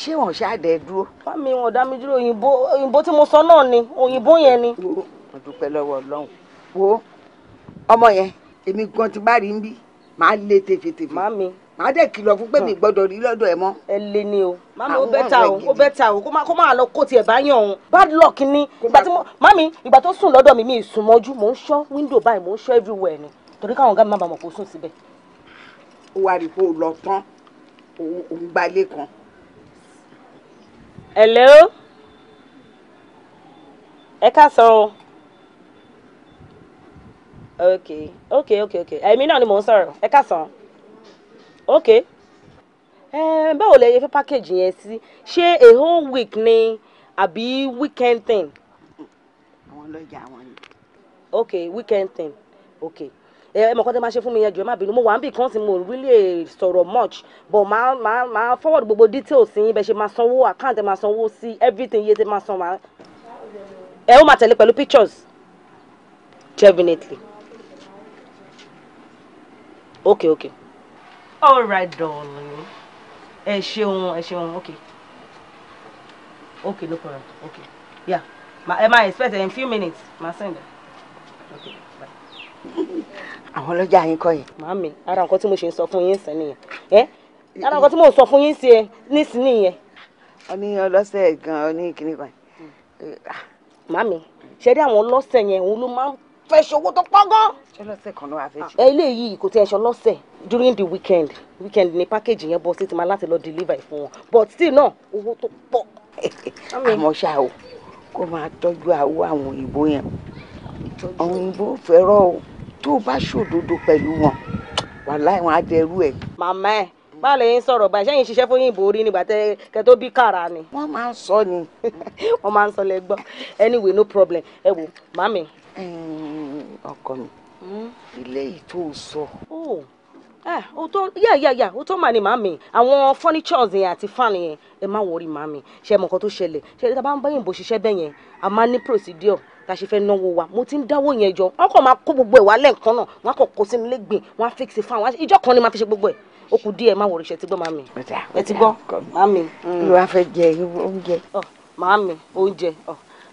ṣé wọn ṣáà dẹ dúró. wá mi wọn dá mi dúró òyìnbó òyìnbó tí mo sọ náà ni òyìnbó yẹn ni. mo dúpẹ́ lọ́wọ́ Ọlọ́run wo ọmọ yẹn èmi gan ti bá rí ń bí màá lé tefetefe. màá mi màá dẹ̀ kìlọ̀ fún pé mi gbọ́dọ̀ rí lọ́dọ̀ ẹ mọ́. ẹ lé ní o mami ó bẹ́ta o ó bẹ́ta o kó máa lọ kó tiẹ̀ bá yàn òun bad luck ni ìgbà tí mo mami ìgbà tó sùn lọ́dọ̀ mi mi ì sùn mọ́jú mò ń ṣọ́ window báyìí mò ń ṣọ́ everywhere ni torí káwọn ọ̀gá mi máa mọ̀ kó sùn síbẹ̀. ó wá rí i pé ó lọ tán òun gba ilé kan. ẹ̀lẹ́ o ẹ ká sọ o ok ok ok ẹ̀mí náà ni mò ń sọ̀rọ̀ ẹ ká sọ ok eh, báwo lẹ yẹ fẹ́ package yẹn sí ṣé a whole week ni àbí weekend thing. àwọn lọ́jà wọn ni. ok weekend thing ok eh, ẹ mọ̀ kọ́ tẹ́ máa ṣe fún mi yẹn jù ẹ má bínú mo wà níbì kan tí mo really sọ̀rọ̀ much but máa máa máa forward gbogbo details yín bẹ́ẹ̀ ṣe máa sanwó account ẹ máa sanwó sí everything yẹ ṣe máa san máa ẹ ó máa tẹ̀lé pẹ̀lú pictures definitely okay okay all right darling ẹ ṣeun ẹ ṣeun okay okay no problem okay yeah ma ẹ máa expect in few minutes ma send ẹ okay bye. [laughs] àwọn ọlọ́jà yín kọ́ yìí. màámi ara nǹkan tí mo ṣe ń sọ fún yín sí nìyẹn ẹ eh? ara nǹkan tí mo sọ fún yín sí ẹ nísìnyí nìyẹn. ó ní ọlọ́sẹ̀ gan-an ó ní kíní kan. Hmm. màámi ṣe dé àwọn ọlọ́sẹ̀ yẹn òun ló máa ń fẹ́ ṣòwò tó pọ̀ gan. ṣé lọ́sẹ̀ kan ló wà fẹ́ ṣe. eléyìí kò tí ẹ ṣọ during the weekend weekend ni package yẹn bọ́ sí ti máa láti lọ deliver fún wọn but still náà owó tó pọ̀. àmọ́ ṣá o kó máa tọ́jú àwọ àwọn òyìnbó yẹn àwọn òyìnbó fẹ́ràn o tó bá ṣòdodo pẹ̀lú wọn wàhálà wọn á dẹrú ẹ̀. màmá ẹ̀ bá lè ń sọ̀rọ̀ báyìí sẹ́yìn ṣiṣẹ́ fún yìnbó rí nígbà tẹ kẹ tó bí kàrà ni. wọ́n máa ń sọ ni. [laughs] wọ́n máa ń sọ lẹ́gbọ́n anyway no problem ẹ wo màmí Mm, ọkọ mi hmm? ilé yìí tó sọ. o tó yà yà yà o tó mà ní màmí àwọn furnitures yẹn àti fan yẹn ẹ má wọrí màmí ṣe mọ̀ nǹkan tó ṣẹlẹ̀ ṣe tá a bá ń bẹ́yìn bó ṣiṣẹ́ bẹ́ẹ̀ yẹn a máa ní procedure ta ṣe fẹ́ náwó wa mo ti ń dáwó yẹn jọ wọn kàn máa kó gbogbo ẹ̀ wá lẹ́ẹ̀kan náà wọn kàn kó sínú lẹ́gbìn wọn á fix fan wọn ìjọ kan ni máa fi ṣe gbogbo ẹ̀ ó kù díẹ̀ má wọrí ṣe ti gbọ́ màmí ẹ ti gbọ́ màmí. ló wàá fẹ́ jẹ oúnjẹ. màmí oúnjẹ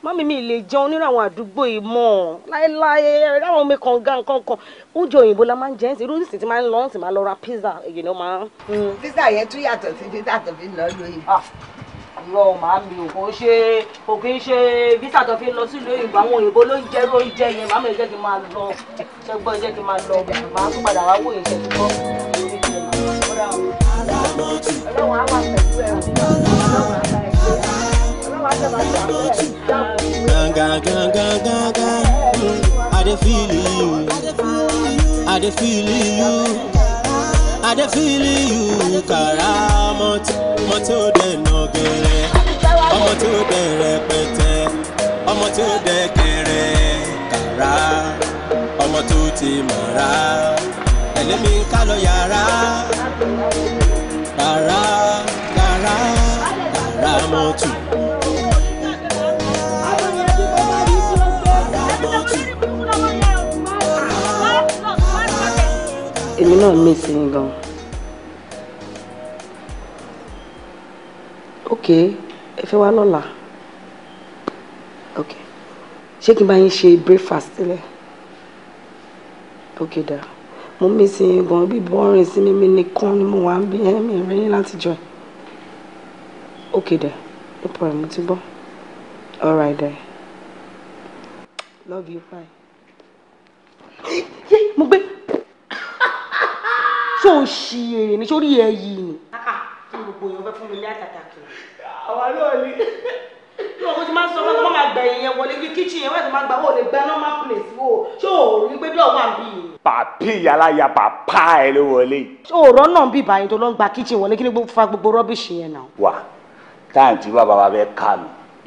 mami mi le jẹun nínú àwọn àdúgbò yìí mọ́ láéláé láwọn omi kan gan kan kan oúnjẹ òyìnbó la máa ń jẹ ẹ́ sí irú ìsìn tí máa ń lọ ọ̀sìn máa lọ ra pizza èyí ló máa ń. Hmm. pizza yẹn tún yàtọ̀ sí pizza tó fi lọ lóyún. Ah, irọ́ màámi ò kò ṣe kò kí ń ṣe pizza tó fi lọ sí ìlú òyìnbó àwọn òyìnbó ló ń jẹ́ ló ń jẹ́ yẹn màámi jẹ́ kí n máa lọ ṣẹ́gbọ́n jẹ́ kí n máa lọ màá tún padà wá wò yẹn ṣẹ́ ọlọ́run á wà pẹ̀lú ẹ̀ Ganga, I dey feel you. I dey feel you. I dey feel you. Kara ọmọ tó dẹ̀ nà gẹ̀rẹ̀. Ọmọ tó dẹ̀ rẹpẹtẹ. Ọmọ tó dẹ̀ kẹrẹ. Kara ọmọ ti mọ̀ra. Tẹ̀lé mi ká lọ yàrá. Kara, kara, èmi náà mètì ń gan. ok ẹ fẹ́ wá lọ́la ok ṣé kí n bá yín ṣe breakfast sílẹ̀ ok dà mo mètì ń gan bí bọ́ọ̀rìn sí mímí nìkan ni mo wà ń bí ẹ̀mí rẹ̀ yín láti jọ ok dà no problem mo ti gbọ́ alright dà love you bye. [gasps] mo gbé ṣó ń ṣi èrè ní sórí ẹyí ni. kí gbogbo èèyàn fẹ́ fún mi ní àtàtà kiri. àwa náà ni. bí ọkọ ti máa ń sọ wọn kó máa gbà èèyàn wọlé bí kíchìn yẹn wọ́n ti máa gbà wọ́n lè gba normal place wò ṣó o rí pé bí ọ̀wá bí yìí. pàpí ìyálàyà bàbá ẹ ló wọlé. òòrọ̀ náà bí ìbàyẹn tó lọ ń gba kíchìn wọlé kí ni fa gbogbo rọ́bìṣì yẹn náà. wà táyà tí bàbá wa fẹ́ ká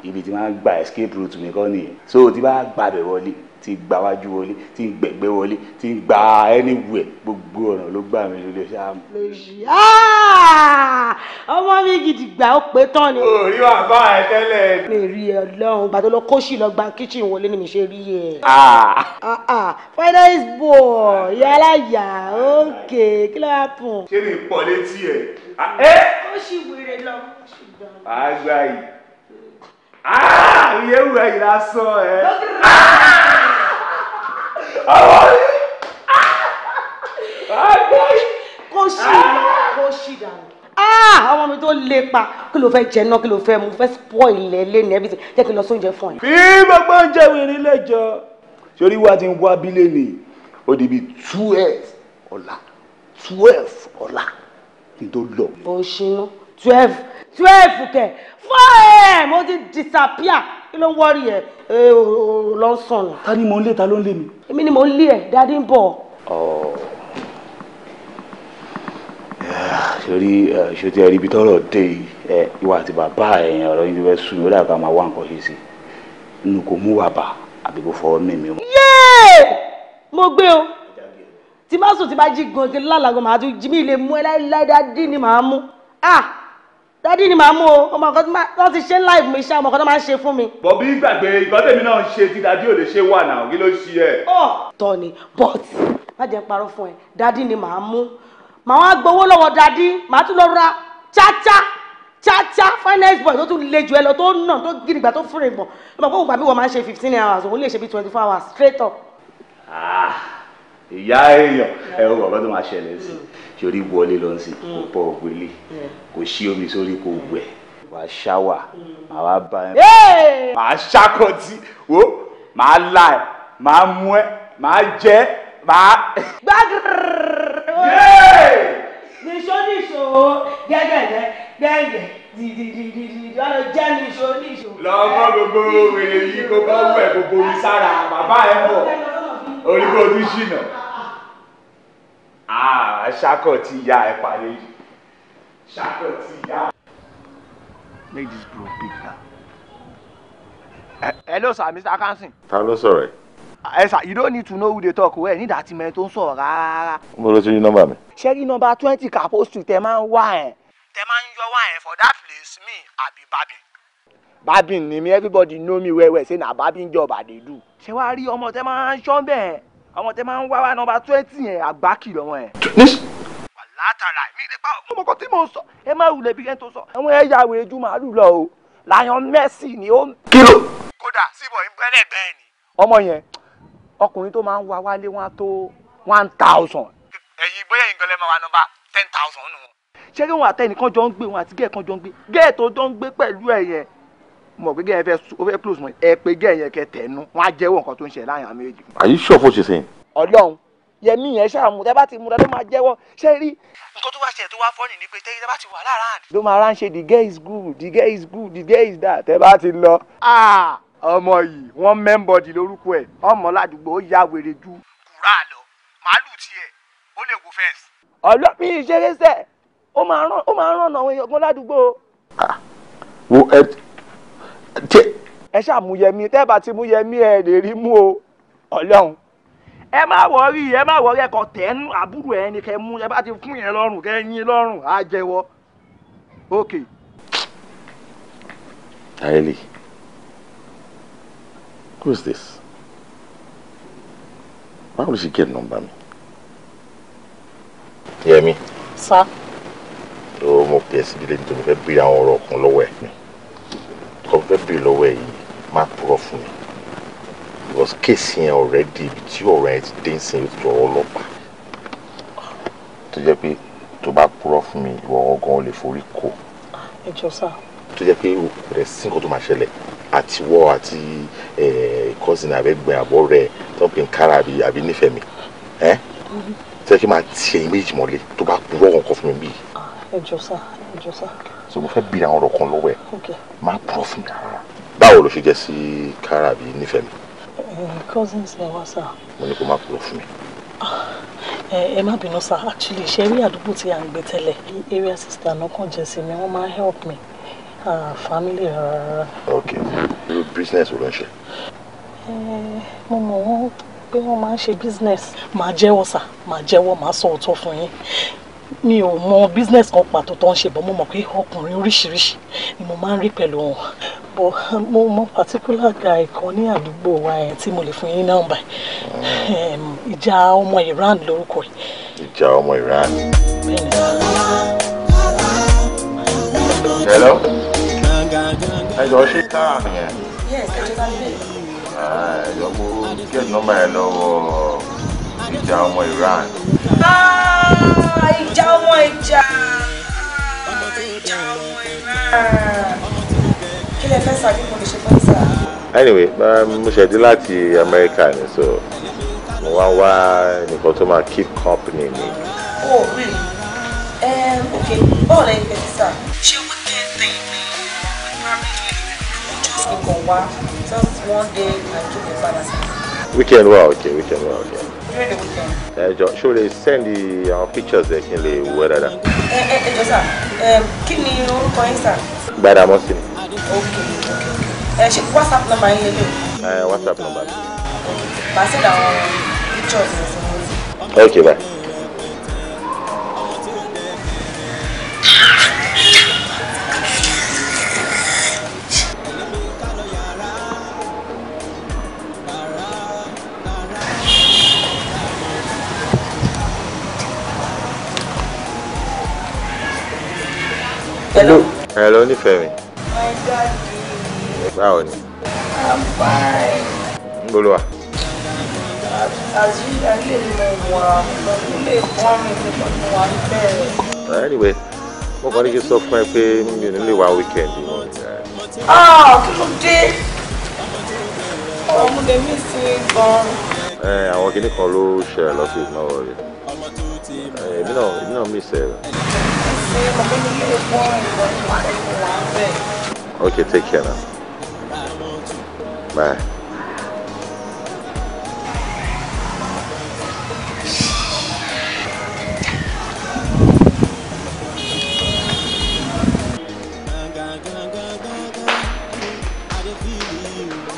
ibi tí wọ́n gbà escape route mi kọ́ nìyẹn so tí bá gbàbẹ̀ wọlé ti gba wájú wọlé ti gbẹ̀gbẹ́ wọlé ti gba anywhere gbogbo ọ̀nà ló gbà mí lórí ọṣẹ àmọ́. lòṣì ah! ọmọ mi gidi gbà ó pé tán ni. o rí bàbá ẹ tẹ́lẹ̀. mi rí ẹ lọ́hùn bàtọ́ lọ kóṣì lọ gba kíchìn wọlé ni mi ṣe rí ẹ. finance boy yálàyà ókè kí ló wá pọ̀. ṣé mi pọ̀ létí ẹ. Ah, ó ṣì lọ. àgbà yìí. Ah, wù ẹ aí lásán ẹ. ọwọ́ Ah, kò sí kò sí dànù. Ah, ọmọ mi tó lépa kí ló fẹ́ jẹ náà kí ló fẹ́ mu fẹ́ spoil ẹ lẹ́nu everything jẹ́ kí n lọ sóúnjẹ fún ẹ. bí gbogbo oúnjẹ wìrì lè jọ sórí wa ti ń wá abílẹ̀ ni ó di bíi twelve ọ̀la twelve ọ̀la kí n tó o ṣinú four am ó ti disappear kí ló ń wọ́ọ̀rì ẹ̀ lọ ń sàn. ta ni mò ń lé ta ló ń lé mi. èmi ni mò ń lé ẹ dáadé ń bọ̀. sori sotí ẹ rí ibi tọrọ dé ìwà àti bàbá ẹ̀yìn ọ̀rọ̀ yìí fẹ́ sùn lórí àgbà máa wá nǹkan ṣe sí inú kò mú wà bá àbí kò fọwọ́ mímí. yéè mo gbé o tí má sùn tí bá jí gangan lálàgàn màá tún jí mi lè mú ẹ láéláé dáadé ni màá mú. ah dádì ni màá mú o ọmọ nǹkan tí wọ́n ti ṣe ń láìpẹ́ mi ṣá ọmọ nǹkan tó máa ń ṣe fún mi. bọ̀ bí gbàgbé nǹkan tèmi náà ń ṣe tí dádì ò lè ṣe wà náà kí ló ṣe ẹ. ọ oh, tọ ni but má jẹ́ parọ́ fún ẹ dádì ni màá mú màá wá gbowó lọ́wọ́ dádì màá tún lọ ra cháchá cháchá finance boy tó tún le jù ẹ lọ tó nà tó gidigba tó fúnra ìbọn ọmọ kó gbà bí wọ́n máa ń ṣe fifteen hours òun lè ṣe bí twenty four hours straight up. Ah, ìyá èèyàn ẹ wọ ọ̀rọ̀ tó máa ṣẹlẹ̀ sí sórí wọlé lọ sí kò mm. pọ̀ ògbélé kò sí omi sórí kò mm. wẹ̀ wàá ṣáwà mm. màá wá bá ẹ màá ṣàkọtì wo màá la ẹ màá mú ẹ màá jẹ màá. gbàgìrì nìṣó nìṣó gẹ́gẹ́dẹ́ gbẹ̀ngẹ̀ dìdìdìdìdì ọ̀nà jẹ́ nìṣó nìṣó. lọ́mọ gbogbo wèrè yìí gbogbo wẹ̀ gbogbo mi sára bàbá ẹ̀ bọ̀ orí kò tún ṣìnà. Ah, ṣakọ ti ya ẹ parí ṣakọ ti ya. make this bro big na. hello sir mr kansin. ta ló sọ̀rọ̀ ẹ. ẹ sà you don't need to know who dey talk well nídàá tí mẹ́rin tó ń sọ̀rọ̀ rárá. mo lọ sí nọ́mbà mi. ṣẹ́rí nọ́mbà twenty Kapo Street tẹ máa ń wá ẹ̀. tẹ máa ń yọ wá ẹ̀ for that place me àbí babi. babin ni mi everybody know me well well say na babin job i dey do. ṣé wàá rí ọmọ tẹ máa ń ṣọ́ bẹ́ẹ̀ àwọn tẹ máa ń wá wá nọmba twenty yẹn àgbákì lọ́wọ́ yẹn. látara mi nípa ọmọkọ tí mo ń sọ ẹ má wulẹ̀ bí kẹ́ ń tó sọ. àwọn ẹ̀yà àwẹ̀ ju màálù lọ o Lion Messi ni ó. kí ló. kódà síbọ̀ ìbẹ́lẹ̀gbẹ́ ẹ̀ ni. ọmọ yẹn ọkùnrin tó máa ń wá wálé wọn tó one thousand. ẹ̀yin bóyá ìgbọ́n lẹ́ máa nọmba ten thousand nù. ṣé kí wọn àtẹnìkan jọ ń gbé wọn àti gẹ́ẹ̀ kan jọ ń gbé gẹ́ẹ̀ tó jọ ń gbé pẹ̀lú ẹ̀ mọ̀ pé gẹ́yìn fẹ́ close mọ́ ẹ pé gẹ́yìn kẹ tẹ̀nu wọ́n á jẹ́wọ́ nǹkan tó ń ṣe láàyàn àmì èjì. àyè sọ fún ṣe sẹ́yìn. ọlọ́run yẹmí yẹn ṣàmù tẹ bá ti múra ló máa jẹ́wọ́ ṣé rí. nǹkan tó wá ṣe tó wá fọ́ọ̀nì ni pé tẹ́yìn tẹ bá ti wà lára àná. ló máa ránṣẹ́ the girl is good the girl is good the girl is that tẹ bá ti lọ. Ah! ọmọ yìí wọ́n mẹ́ńbọ̀dì lórúkọ ẹ̀ ọmọ ládùúgbò ó yá wèrè ju. kùrà lọ màálù tiẹ̀ ó lè wò fẹ́ẹ̀sì. ọlọ́pì ìṣeré sẹ́ẹ̀ ó máa ń ràn àwọn èèyàn gan ládùúgbò. Ah! wo ẹ ẹ ṣàmúyẹmí tẹ́ bá ti múyẹmí ẹ lè rí mú o ọlọ́run ẹ má wọrí ẹ má wọrí ẹ kọ àbúrò ẹ kẹ mú ẹ bá ti fún yẹn lọ́rùn kẹ yín lọ́rùn á jẹ́wọ́ ok. Ayeli who is this why would she get number mi. Yẹmi. sá. o oh, mo pè é síbi lẹ́yìn tó mo fẹ́ bí àwọn ọ̀rọ̀ kan lọ́wọ́ ẹ̀ nǹkan fẹ́ bèrè lọ́wọ́ ẹ̀ yìí má purọ́ fún already, because kéèsì already ibi tí ọ̀rọ̀ yẹn ti dé sí ètò ọlọ́pàá tó jẹ́ pé tó bá purọ́ fún mi ìwọ ọgàn ò lè forí kò. ẹ jọ sá. tó jẹ́ pé rẹ̀ sí nǹkan tó máa ṣẹlẹ̀ àtiwọ́ àti cousin a àbọ̀ rẹ̀ tó ń pè ń kára àbí nífẹ̀ẹ́ mi tẹ́ kí mm-hmm. máa tiẹ̀ méjì mọ́lẹ̀ tó bá purọ́ kankan fún mi bíi. ẹ jọ sá ẹ so mo fẹ́ bìrì àwọn ọ̀rọ̀ kan lọ́wọ́ ẹ̀ máa purọ́ fún mi rárá. báwo ló ṣe jẹ́ sí kára àbí nífẹ̀ẹ́ mi. Eh, cousins ẹ wá sá. mo ní kó má purọ́ fún mi. Ah, eh, ẹ má bínú sá actually ṣe rí àdúgbò tí à ń gbé tẹ́lẹ̀ area sister náà kàn jẹ́ sí mi wọ́n máa help me family rárá. ok irú business wo ló ń ṣe. Eh, mo mọ̀ wọ́n pé wọ́n máa ń ṣe business máa jẹ́wọ́ sá máa jẹ́wọ́ máa sọ ọ̀tọ̀ fún yín mi ò mọ business kan pàtó tó ń ṣe bọ́ mo mọ̀ pé ọkùnrin oríṣiríṣi ni mo máa ń rí pẹ̀lú wọn bọ́ um, mo mọ particular guy kan ní àdúgbò wa ẹ̀ tí mo lè fún yín nọ́mbà um, ìjà ọmọ Iran lórúkọ ẹ̀. ìjà ọmọ Iran. hello ẹ jọ ṣe káà nìyẹn. Ah, ẹ jọ mo get nọ́mbà yẹn lọ́wọ́ ìjà Iran. Ah, ìjà ọmọ ìjà ìjà mo ṣe fẹ́ anyway um, mo ṣẹ̀dí láti Amẹ́ríkà ni so mo wá wá nǹkan tó máa keep company mi. oh really um, okay bọ́ọ̀lù ẹ̀yìn fẹ́ sà. ṣé weekend thing ni just nǹkan wá just one day and keep the balance. weekend wa okay weekend wa okay ẹ jọ ṣó send àwọn pictures ẹ kí n lè wò ẹ dáadáa. ẹ ẹ ẹ jọ sà um, kí ni orúkọ yín sà. gbàdá mọ́ sí mi. ok ok ẹ ṣe whatsapp number yín lélẹ̀. ẹ whatsapp number mi. ok màá send àwọn pictures ẹ fún mi. ok bye. hello. hello Nifemi. mi. my daddy. báwo ni. i'm fine. ń anyway what kàn you kí n sọ fún ẹ pé weekend yìí. ah kí ló dé ọmọ mi sí gan. ẹ àwọn kinní kan ló ṣẹlẹ̀ lọ́sẹ̀ náà rẹ̀ èmi náà èmi náà Okay, take care now. Bye.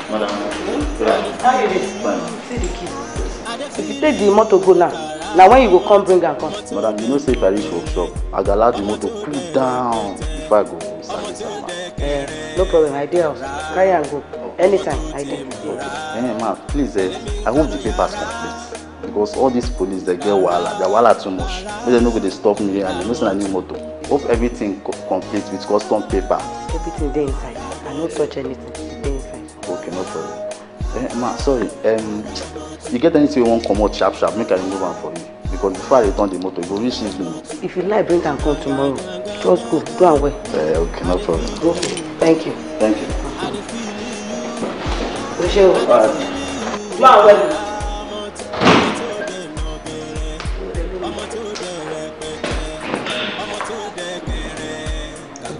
Madam, how are you? See the kids. If you take the motor, go now. Now when you go come bring and come. madam you know say if i reach workshop i go allow the motor cool down before i go service this ma. Eh, no problem i dey house carry am go anytime i dey. Okay. Eh, ma please eh, i hope the papers complete because all these police they get wahala they wahala too much make dem no go stop me and they missing a new motor hope everything co complete with custom paper. everything there inside i no touch anything e inside. okay no problem eh, ma sorry um, you get anything you want, come out sharp sharp make i remove am for you because before i return the motor you go reach six minutes. if you like bring and come tomorrow just go go am well. Uh, okay no problem. okay thank you. thank you. o ṣe o. do Bye. well.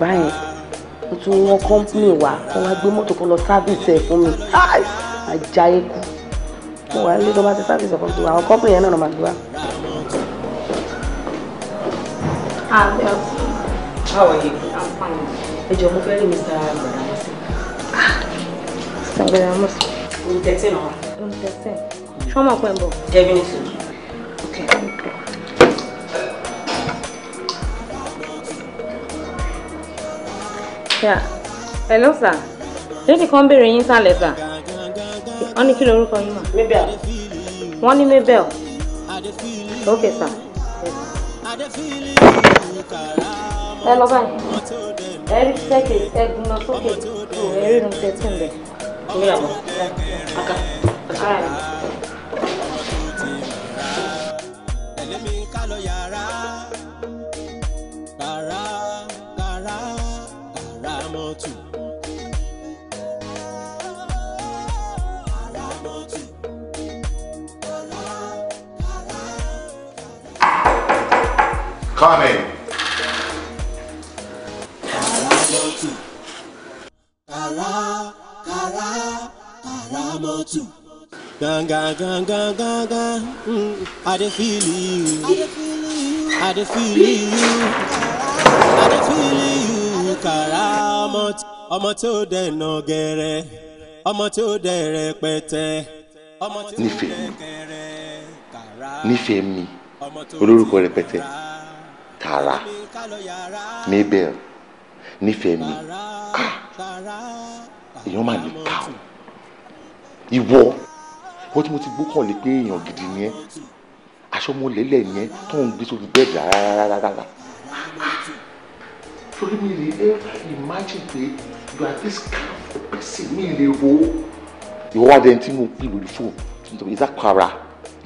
báyìí ó tún wọn kọ́ńpìnì wa wọn wá gbé mọ́tò kan lọ sábìsì ẹ̀ fún mi ajayi kú mo wà nílé tó bá ti sáfìsì ọkọ̀ gbogbo àwọn kọ́pì yẹn náà máa gbé wá. How are you? I'm fine. Ẹ jọ̀ọ́ mo fẹ́ rí Mr. Gbadamusi. Mr. Gbadamusi. Ohun tẹ̀sẹ̀ náà. Ohun tẹ̀sẹ̀. Ṣọ́mọ pẹ̀ ń bọ̀. Definitely. Okay. Yeah. Hello, sir. Lady kan béèrè yín sálẹ̀, sir wọ́n ní kí lorúkọ yín mà. mabel. wọ́n ní mabel. ok sir. ẹ lọ báyìí ẹ rí sẹ́kẹ̀ ẹ gbúná sókè ẹ rí nu tẹ̀sán bẹ̀. kí ni àbọ̀ aka aka. coming. Kara, kara, Ganga, ganga, ganga. Mm, I feel you. I feel you. I feel you. Ọmọ tí ó Ọmọ tí ó Tara Mabel Nífẹ̀mí èèyàn máa ní ká o ìwọ wọ́n tí mo ti gbọ́kànlé pé èèyàn gidi ni ẹ́ aṣọ mo lélẹ̀ ni ẹ́ tó ń gbé sórí bẹ́ẹ̀dì rárá torí mi lè ẹ imagine pé you are this kind of person mi lè wo ìwọ wá dẹni tí mo pè lórí fóònù nítorí ìdápara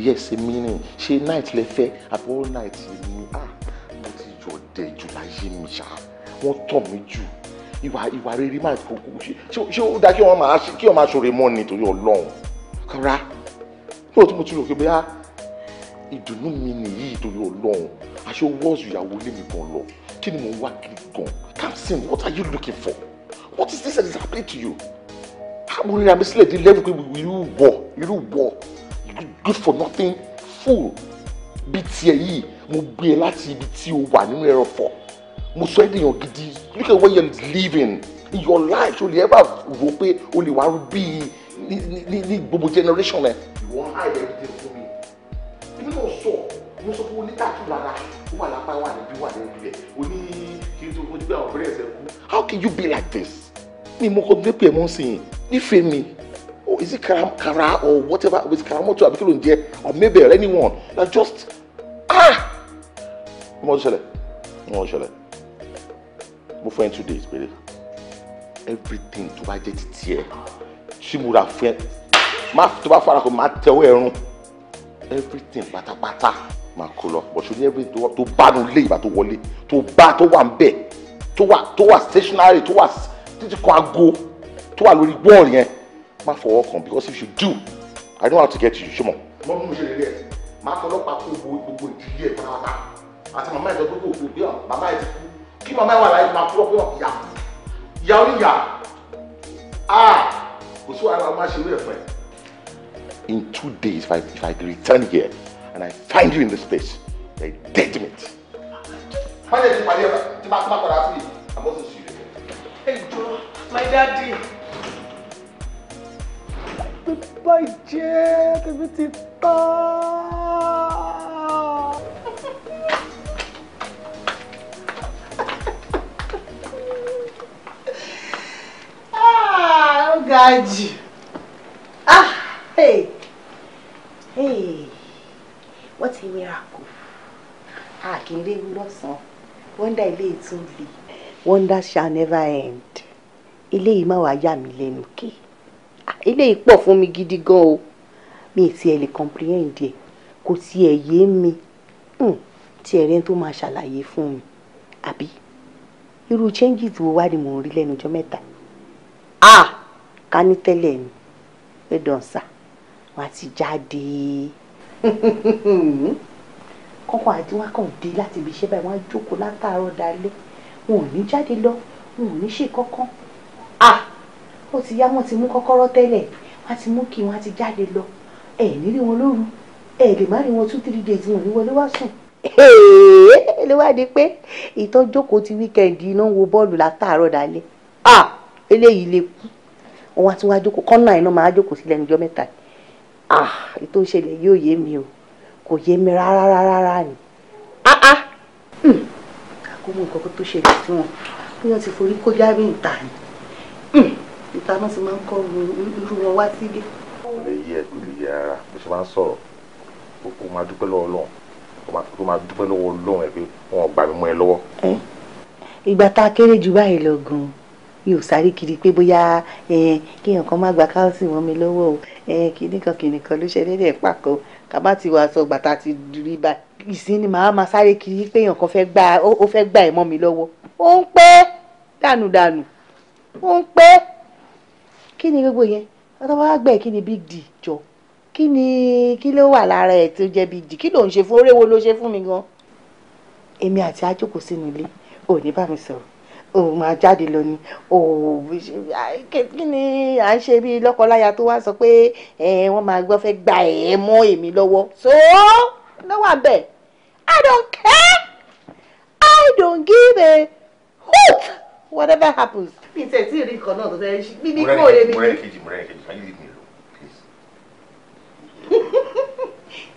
yes èmi ni ṣe night lè fẹ́ àbí all night ni ah tẹ̀ jù láyé mi ṣá wọ́n tọ̀ mí jù ìwà ìwà rere máa kókó ṣé ó dáa kí wọ́n máa kí wọ́n máa ṣòro mọ́ ni torí kára yóò tún mo tún rò pé bóyá ìdùnnú mi nìyí torí ọlọ́run aṣọ wọ́ọ̀sù ìyàwó lé mi gan lọ kí ni mo wá kiri gan Kamsin what are you looking for what is this that is happening to you ah, mo rí àmì sílẹ̀ di level pé irú wọ̀ irú wọ̀ good for nothing fool bíi tiẹ̀ yìí mo gbé ẹ e láti ibi tí o wà nínú ẹrọ̀fọ̀ mo sọ ẹ́ dèèyàn gidi look at where you are living in your life o lè ever rò pé o lè wá rú bíi ní ní gbogbo generation ẹ. ìwọ ń hide everything fún mi èmi náà sọ mo sọ pé o ní tàkì lára ó wà lápá wà níbí wà níbí ẹ o ní kí n tó fojú pé àwọn ọ̀rẹ́ ẹ̀ sẹ́kù. how can you be like this? mi mo kọ bí pé mo ń sìn nífẹ̀ẹ́ mi oh is it karam kara or whatever with karamoto abikilo n jẹ or maybe or anyone na just ah ọmọ tó ṣẹlẹ̀ ọmọ tó ṣẹlẹ̀ mo fẹ́ two days péré everything to buy that títí she would have ra Ma, to buy bá fara kò máa tẹ̀wé ẹ̀rún everything pátápátá máa kó lọ But should every tó bá nu lé ìgbà tó wọlé tó bá tó wà ń bẹ̀ tó wà tó wà stationary tó wà go, to what tó wà want. wọ́ọ̀rì yẹn má fọwọ́ kàn because if you do I know how to get you Come on. mú un ṣe lè rí ẹ máa fọlọ́pàá kó gbogbo ìdílé ẹ̀ pátápátá àti màmá ìjọ gbogbo òfin bí màmá ẹ kú kí màmá ẹ wà máa kúrò pé ìyá ìyá oníyà á kò sí wàhálà máa ṣe irú ẹ̀ In two days, if I if I return here and I find you in this place, they dead meat. Fáyẹ̀ ti pàdé ẹ̀ tí máa tí máa padà sí àbọ̀sùn sí rẹ̀. Ẹ my daddy. Bíbá ìjẹ́ ti tán. ga ah hey hey wọ́n ti wéra kù a ah, kì í réwu lọ́sàn-án wọ́ndà ilé ìtún lè wonder shall never end ilé yìí má wàá yà mí lẹ́nu kí ah, ilé yìí pọ̀ fún mi gidi gan o mi ì tiẹ̀ lè comprehend ẹ̀ kò tiẹ̀ yé mi hmm, tiẹ̀ rẹ́ni tó máa ṣàlàyé fún mi àbí irú changes wo wá ni mò ń rí lẹ́nu ọjọ́ mẹ́ta ah ká ní tẹ́lẹ̀ ni pé dọ̀nsà wà á ti jáde [laughs] kọ́kọ́ àti wọn kàn dé láti ibi iṣẹ́ báyìí wọ́n á jókòó látàárọ̀ dalẹ́ wọn ò ní jáde lọ wọn ò ní ṣe kankan à ó ti yá wọn ti mú kọ́kọ́rọ́ tẹ́lẹ̀ wọ́n á ti mú kí wọ́n á ti jáde lọ ẹ̀ nílé wọn lóru ẹ̀ lè má rí wọn two three days wọn ò ní wọlé wá sùn ló wá di pé ìtọ́jókòó ti wíkẹ̀ndì iná wo bọ́ọ̀lù látàárọ̀ dalẹ́ à eléyìí lè kú wọ́n wá tí wọ́n á jókòó kọ́nà àìná máa jókòó sílẹ̀ níjọ́ mẹ́ta ah ètò ìṣẹ̀lẹ̀ yóò yé mi o kò yé mi rárá rárá ni ah ah àkómọ hmm. nǹkan tó ṣẹlẹ̀ sí wọn bí wọ́n ti forí kó jáwé ìta ni ìta hmm. náà ti máa ń kọ́ irú wọn wá sílé. àwọn èyí ẹ kò lè yẹ ara bó ṣe máa ń sọ̀rọ̀ kó máa dúpẹ́ lọ́wọ́ Ọlọ́run kó máa dúpẹ́ lọ́wọ́ Ọlọ́run ẹ pé wọn ò gbà mí mọ́ ẹ lọ́wọ́. Eh? ìgbà tá a kéré jù báyìí lọ gan-an mi ò sáré kiri pé bóyá kéèyàn kan má gba káwọ́sì wọn mi lọ́wọ́ o kíní kan kíní kan ló ṣe déédéé pàkó ká bá ti wà sọ gbàtà ti rí báyìí ìsín ni màá máa sáré kiri pé èèyàn kan ó fẹ́ gba ẹ̀mọ́ mi lọ́wọ́ ó ń pẹ́ dànùdànù ó ń pẹ́ kí ni gbogbo yẹn ọtọ́wọ́ àgbẹ̀ kí ni big d jọ kí ni kí ló wà lára ẹ̀ tó jẹ́ big d kí ló ń ṣe fún oréwo ló ṣe fún mi gan èmi àti ajókòó sínú ilé ò ní bá mi sọ̀rọ̀ o máa jáde lọ ni o kí ni à ń ṣe bí lọ́kọláya tó wá sọ pé wọ́n máa gbọ́ fẹ́ gba ẹ̀ mọ́ èmi lọ́wọ́ so lọ́wọ́ abẹ́ I don't care I don't give a hoot whatever happens. mi tẹ̀ sí ìrìn kan náà tó fẹ́ mi ní kó o lè mi. mọ̀rẹ́ kejì mọ̀rẹ́ kejì ayé mi lò please. [laughs]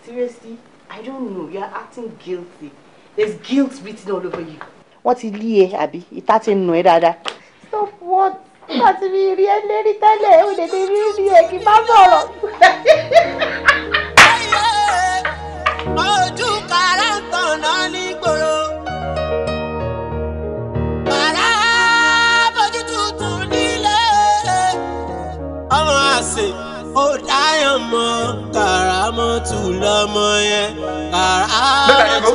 seriously I don't know you are acting guilty there is guilt written all over you wọ́n ti lé ẹ e, àbí ìta ti nù ẹ dáadáa. so what wọ́n ti fi rí ẹ lérí tẹ́lẹ̀ ó lè fi rí ẹ kí n má sọ̀rọ̀. ojú kàrá ń tàn náà nígboro. bójú tuntun nílé. ọmọ àṣẹ ó dáyọ̀ mọ́ kàràmọ́tù lọ́mọ yẹn kàràmọ́tù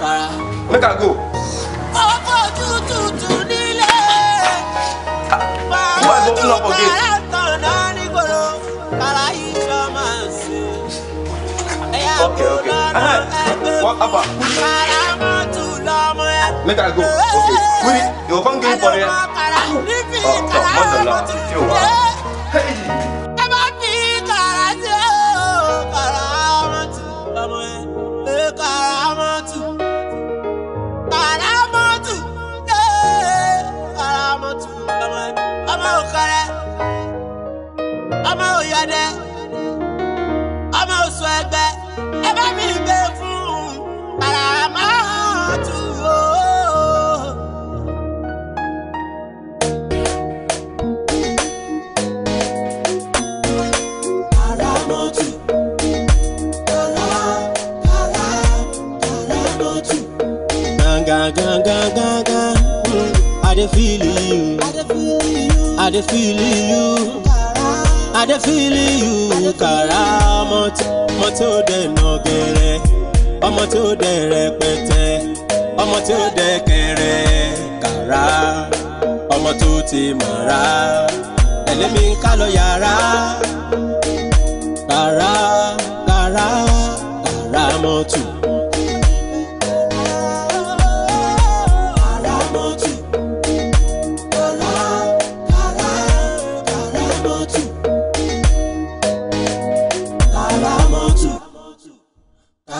kàrà. make i go. okay okay uh-huh. what apa make i go okay kuri you go come give for there oh oh what's the law you wa ọmọ òyọdẹ ọmọ oṣù ẹgbẹ ẹ bá mi gbé fún àràmà tù ó. I feel you. I feel you. I feel you. I dey feel you kàrà ọmọ tí ó dẹ̀ nà gẹ̀rẹ̀ ọmọ tí ó dẹ̀ rẹpẹtẹ ọmọ tí ó dẹ̀ kẹrẹ kàrà ọmọ tó ti mọ̀ra ẹlẹ́mi ń ká lọ yàrá kàrà kàrà kàrà mọ́tò.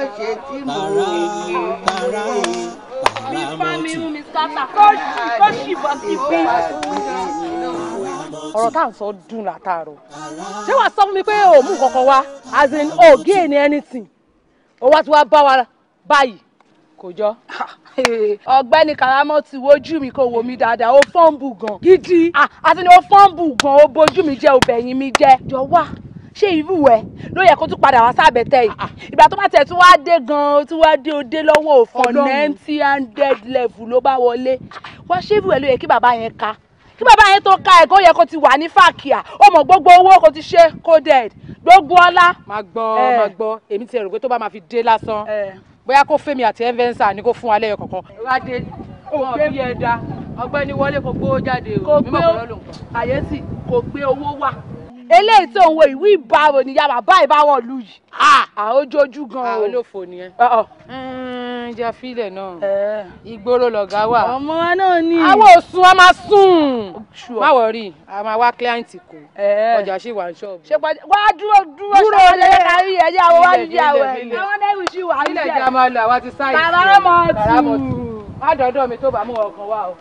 ló ṣe tí mo yẹ para mi fá mi rún mi sátà kó sì bọ́ sí bí. ọ̀rọ̀ tá à ń sọ dùn látàárọ̀ ṣé wàá sọ fún mi pé o mú kankan wá as in o gain e anything o wá ti wá bá wa báyìí kò jọ. [laughs] ọ̀gbẹ́ni karamọ́ ti wojú mi kó wo mi dáadáa ó fọ́ǹbù gan. gidi àti ni ó fọ́ǹbù gan ó bojú mi jẹ́ ó mi jẹ́. jọ wá ṣé irú ẹ ló yẹ kó tún padà wá sábẹ́tẹ̀ yìí ah, ah. ìgbà tó bá tẹ̀ tún wá dé gan-an wá dé òde lọ́wọ́ òfin ninety hundred level ló bá wọlé wá ṣé irú ẹ ló yẹ kí bàbá yẹn ka kí bàbá yẹn tó ka ẹ̀kọ́ yẹ kó ti wà ní fàkìá ó mọ̀ gbogbo owó kó ti ṣe coded gbogbo ọlá. má gbọ́ má gbọ́ èmi ti rò pé tó bá máa fi dé lásán bóyá kó fẹ́mi àti ẹ̀ńfẹ́ńsà ni kó fún wa lẹ́yọ̀ kọ̀ọ̀kan. wáde òkè mi ẹ̀dá ọgbẹ́ni wọlé kò gbówó jáde o kàyéésì kò gbé owó wà eléyìí tó ń wo ìwé ìbáwò ni yàrá báyìí bá wọ̀ lù yìí. àwọn ojoojú gan ah, o. àwọn olófò nìyẹn. ìjà mm, filẹ̀ náà eh. ìgboro lọ̀gá wà. ọmọ wa náà ni. àwọn òsùn wa máa sùn. má wọrí a máa wá kílíǹtì kù. Eh. ọjà ṣì wà ní ṣọ́ọ̀bù. ṣe pàjẹ́ wá dúró dúró ṣe wọlé kárí ẹ̀yà àwọn wá nídìí àwẹ̀. àwọn lẹ́yìn ṣì wà níbẹ̀. ilé ìjà máa lọ àwa ti sáyé. bàbá mọ̀ tù. má dọ̀dọ̀ mi tó bá mú ọkàn wá o.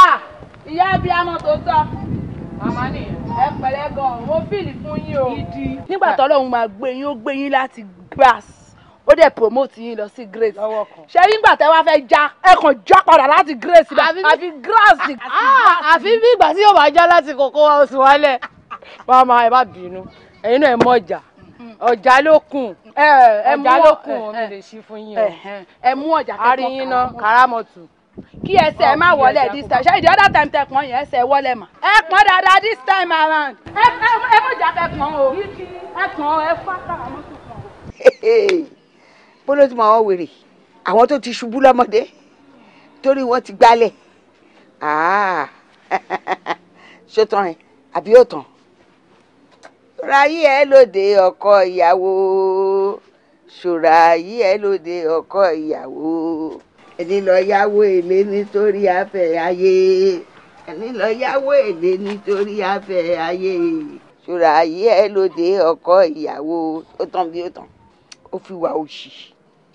Ah, ìyá ibi amọ̀ tó tọ́ màmá nìyẹn. ẹ pẹ̀lẹ́ gan-an mo fìlì fún yín o. gidi. nígbà tọ́lọ́run máa gbé yín ó gbé yín láti grass ó dẹ̀ promote yín lọ sí grace. ṣé nígbà tẹ́ wá fẹ́ já ẹ kàn já padà láti grace bá àfi grass. Ah, àfi bí ìgbà tí yóò bá já láti kókó wa oṣù wálẹ̀. màmá ẹ bá bínú ẹ̀yin náà ẹ mọ̀ ọjà ọjà ló kùn ọjà ló kùn omi lè ṣí fún yín o ẹ mú ọjà kẹkọọ kan kí ẹsẹ̀ ẹ má wọlé this time ṣáà the other time tẹ pọ́n yẹn ẹsẹ̀ wọlé mà ẹ pọ́n dáadáa this time around ẹ ẹ mọ̀ jà fẹ́ pọ́n o ẹ pọ́n ẹ fọ́ àtàwọn mọ́tò pọ́n. bóló ti mọ àwọn wèrè àwọn tó ti ṣubú lọ́mọdé torí wọ́n ti gbálẹ̀ ah. [laughs] ṣó tán ẹ àbí ó tán ráyé ẹ lóde ọkọ ìyàwó ṣòro ẹ lóde ọkọ ìyàwó ẹni lọ yáwó èlé nítorí afẹ́ ayé ẹni lọ yáwó èlé nítorí afẹ́ ayé ṣùrà ayé ẹ lóde ọkọ ìyàwó ó tán bí ó tán ó fi wà òṣì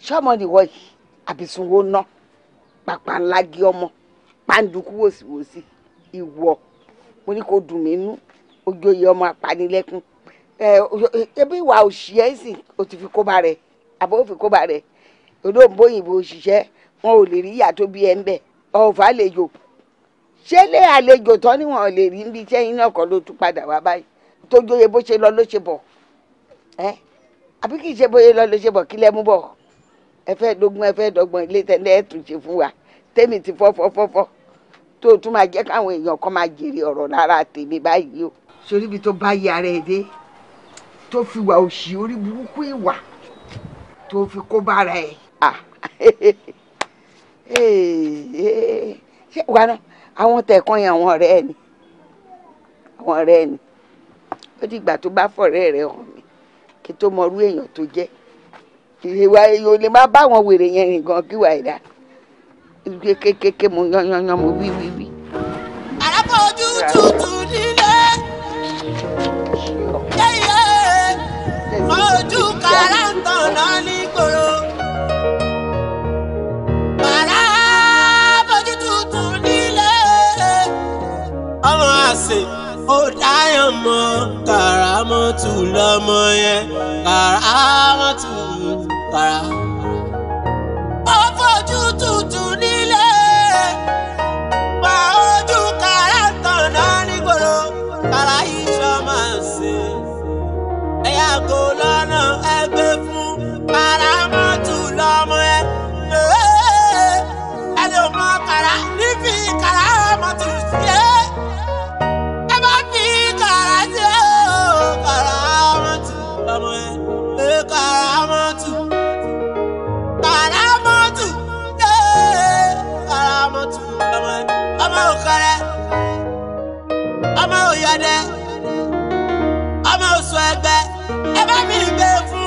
ṣọmọ nìwọ yìí àbísùnwó ná pàpà ńlá gé ọmọ pàǹdùkú wòsíwòsí ìwọ mo ní kó dùn mí nú ojoyè ọmọ apanilẹ́kún ẹ ebi ìwà òṣì ẹ sì o ti fi kóbá rẹ àbó fi kóbá rẹ olóńgbò òyìnbó òṣìṣẹ́ wọn ò lè rí ìyá tó bí ẹ ń bẹ ọ̀fà àlejò ṣé lé àlejò tán ni wọn ò lè rí níbi iṣẹ́ iná kan ló tún padà wá báyìí tó jóye bó ṣe lọ ló ṣe bọ̀ ẹ́ àbí kì í ṣe bóyá lọ ló ṣe bọ̀ kí lẹ́ mú bọ̀ ẹ fẹ́ dógún ẹ fẹ́ dọ́gbọ́n ilé tẹ́lẹ̀ ẹ̀ tún ṣe fún wa tẹ́mi ti fọ́fọ́fọ́fọ́ tó o tún máa jẹ́ káwọn èèyàn kan máa jèrè ọ̀rọ̀ lára tèmi báyìí o. sórí ibi tó bá ya rẹ̀ dé tó fi wà òṣì orí burúkú ìwà tó fi kó bára ẹ̀. Ah. [laughs] ṣé wà ná àwọn tẹ̀kan yẹn àwọn ọ̀rẹ́ ẹ̀ ni àwọn ọ̀rẹ́ ẹ̀ ni ó di ìgbà tó bá fọ̀rẹ́ rẹ̀ hàn mí kí tó mọrú èèyàn tó jẹ́ ìwà èèyàn ò lè má bá àwọn wèrè yẹn rìn gan kí wà kékeré mo yan mo wí wí wí. àràpọ̀ ojú tuntun nílé ojú kàrà náà ní àṣẹ ó dáyàn mọ́ kàràmọ́tù lọ́mọ yẹn kàràmọ́tù kàrà. ó fojú tutù nílé pa ojú kàrà tọ̀nà nígboro kàrà iṣọ́ máa ṣe ẹ̀yà kò lọ́nà ẹgbẹ́ fún kàràmọ́tù lọ́mọ yẹn ẹni ò mọ kàrà nífi kàràmọ́tù yẹn. òkẹrẹ ọmọ òyọdẹ ọmọ òsùn ẹgbẹ ẹ bá mi gbé fún.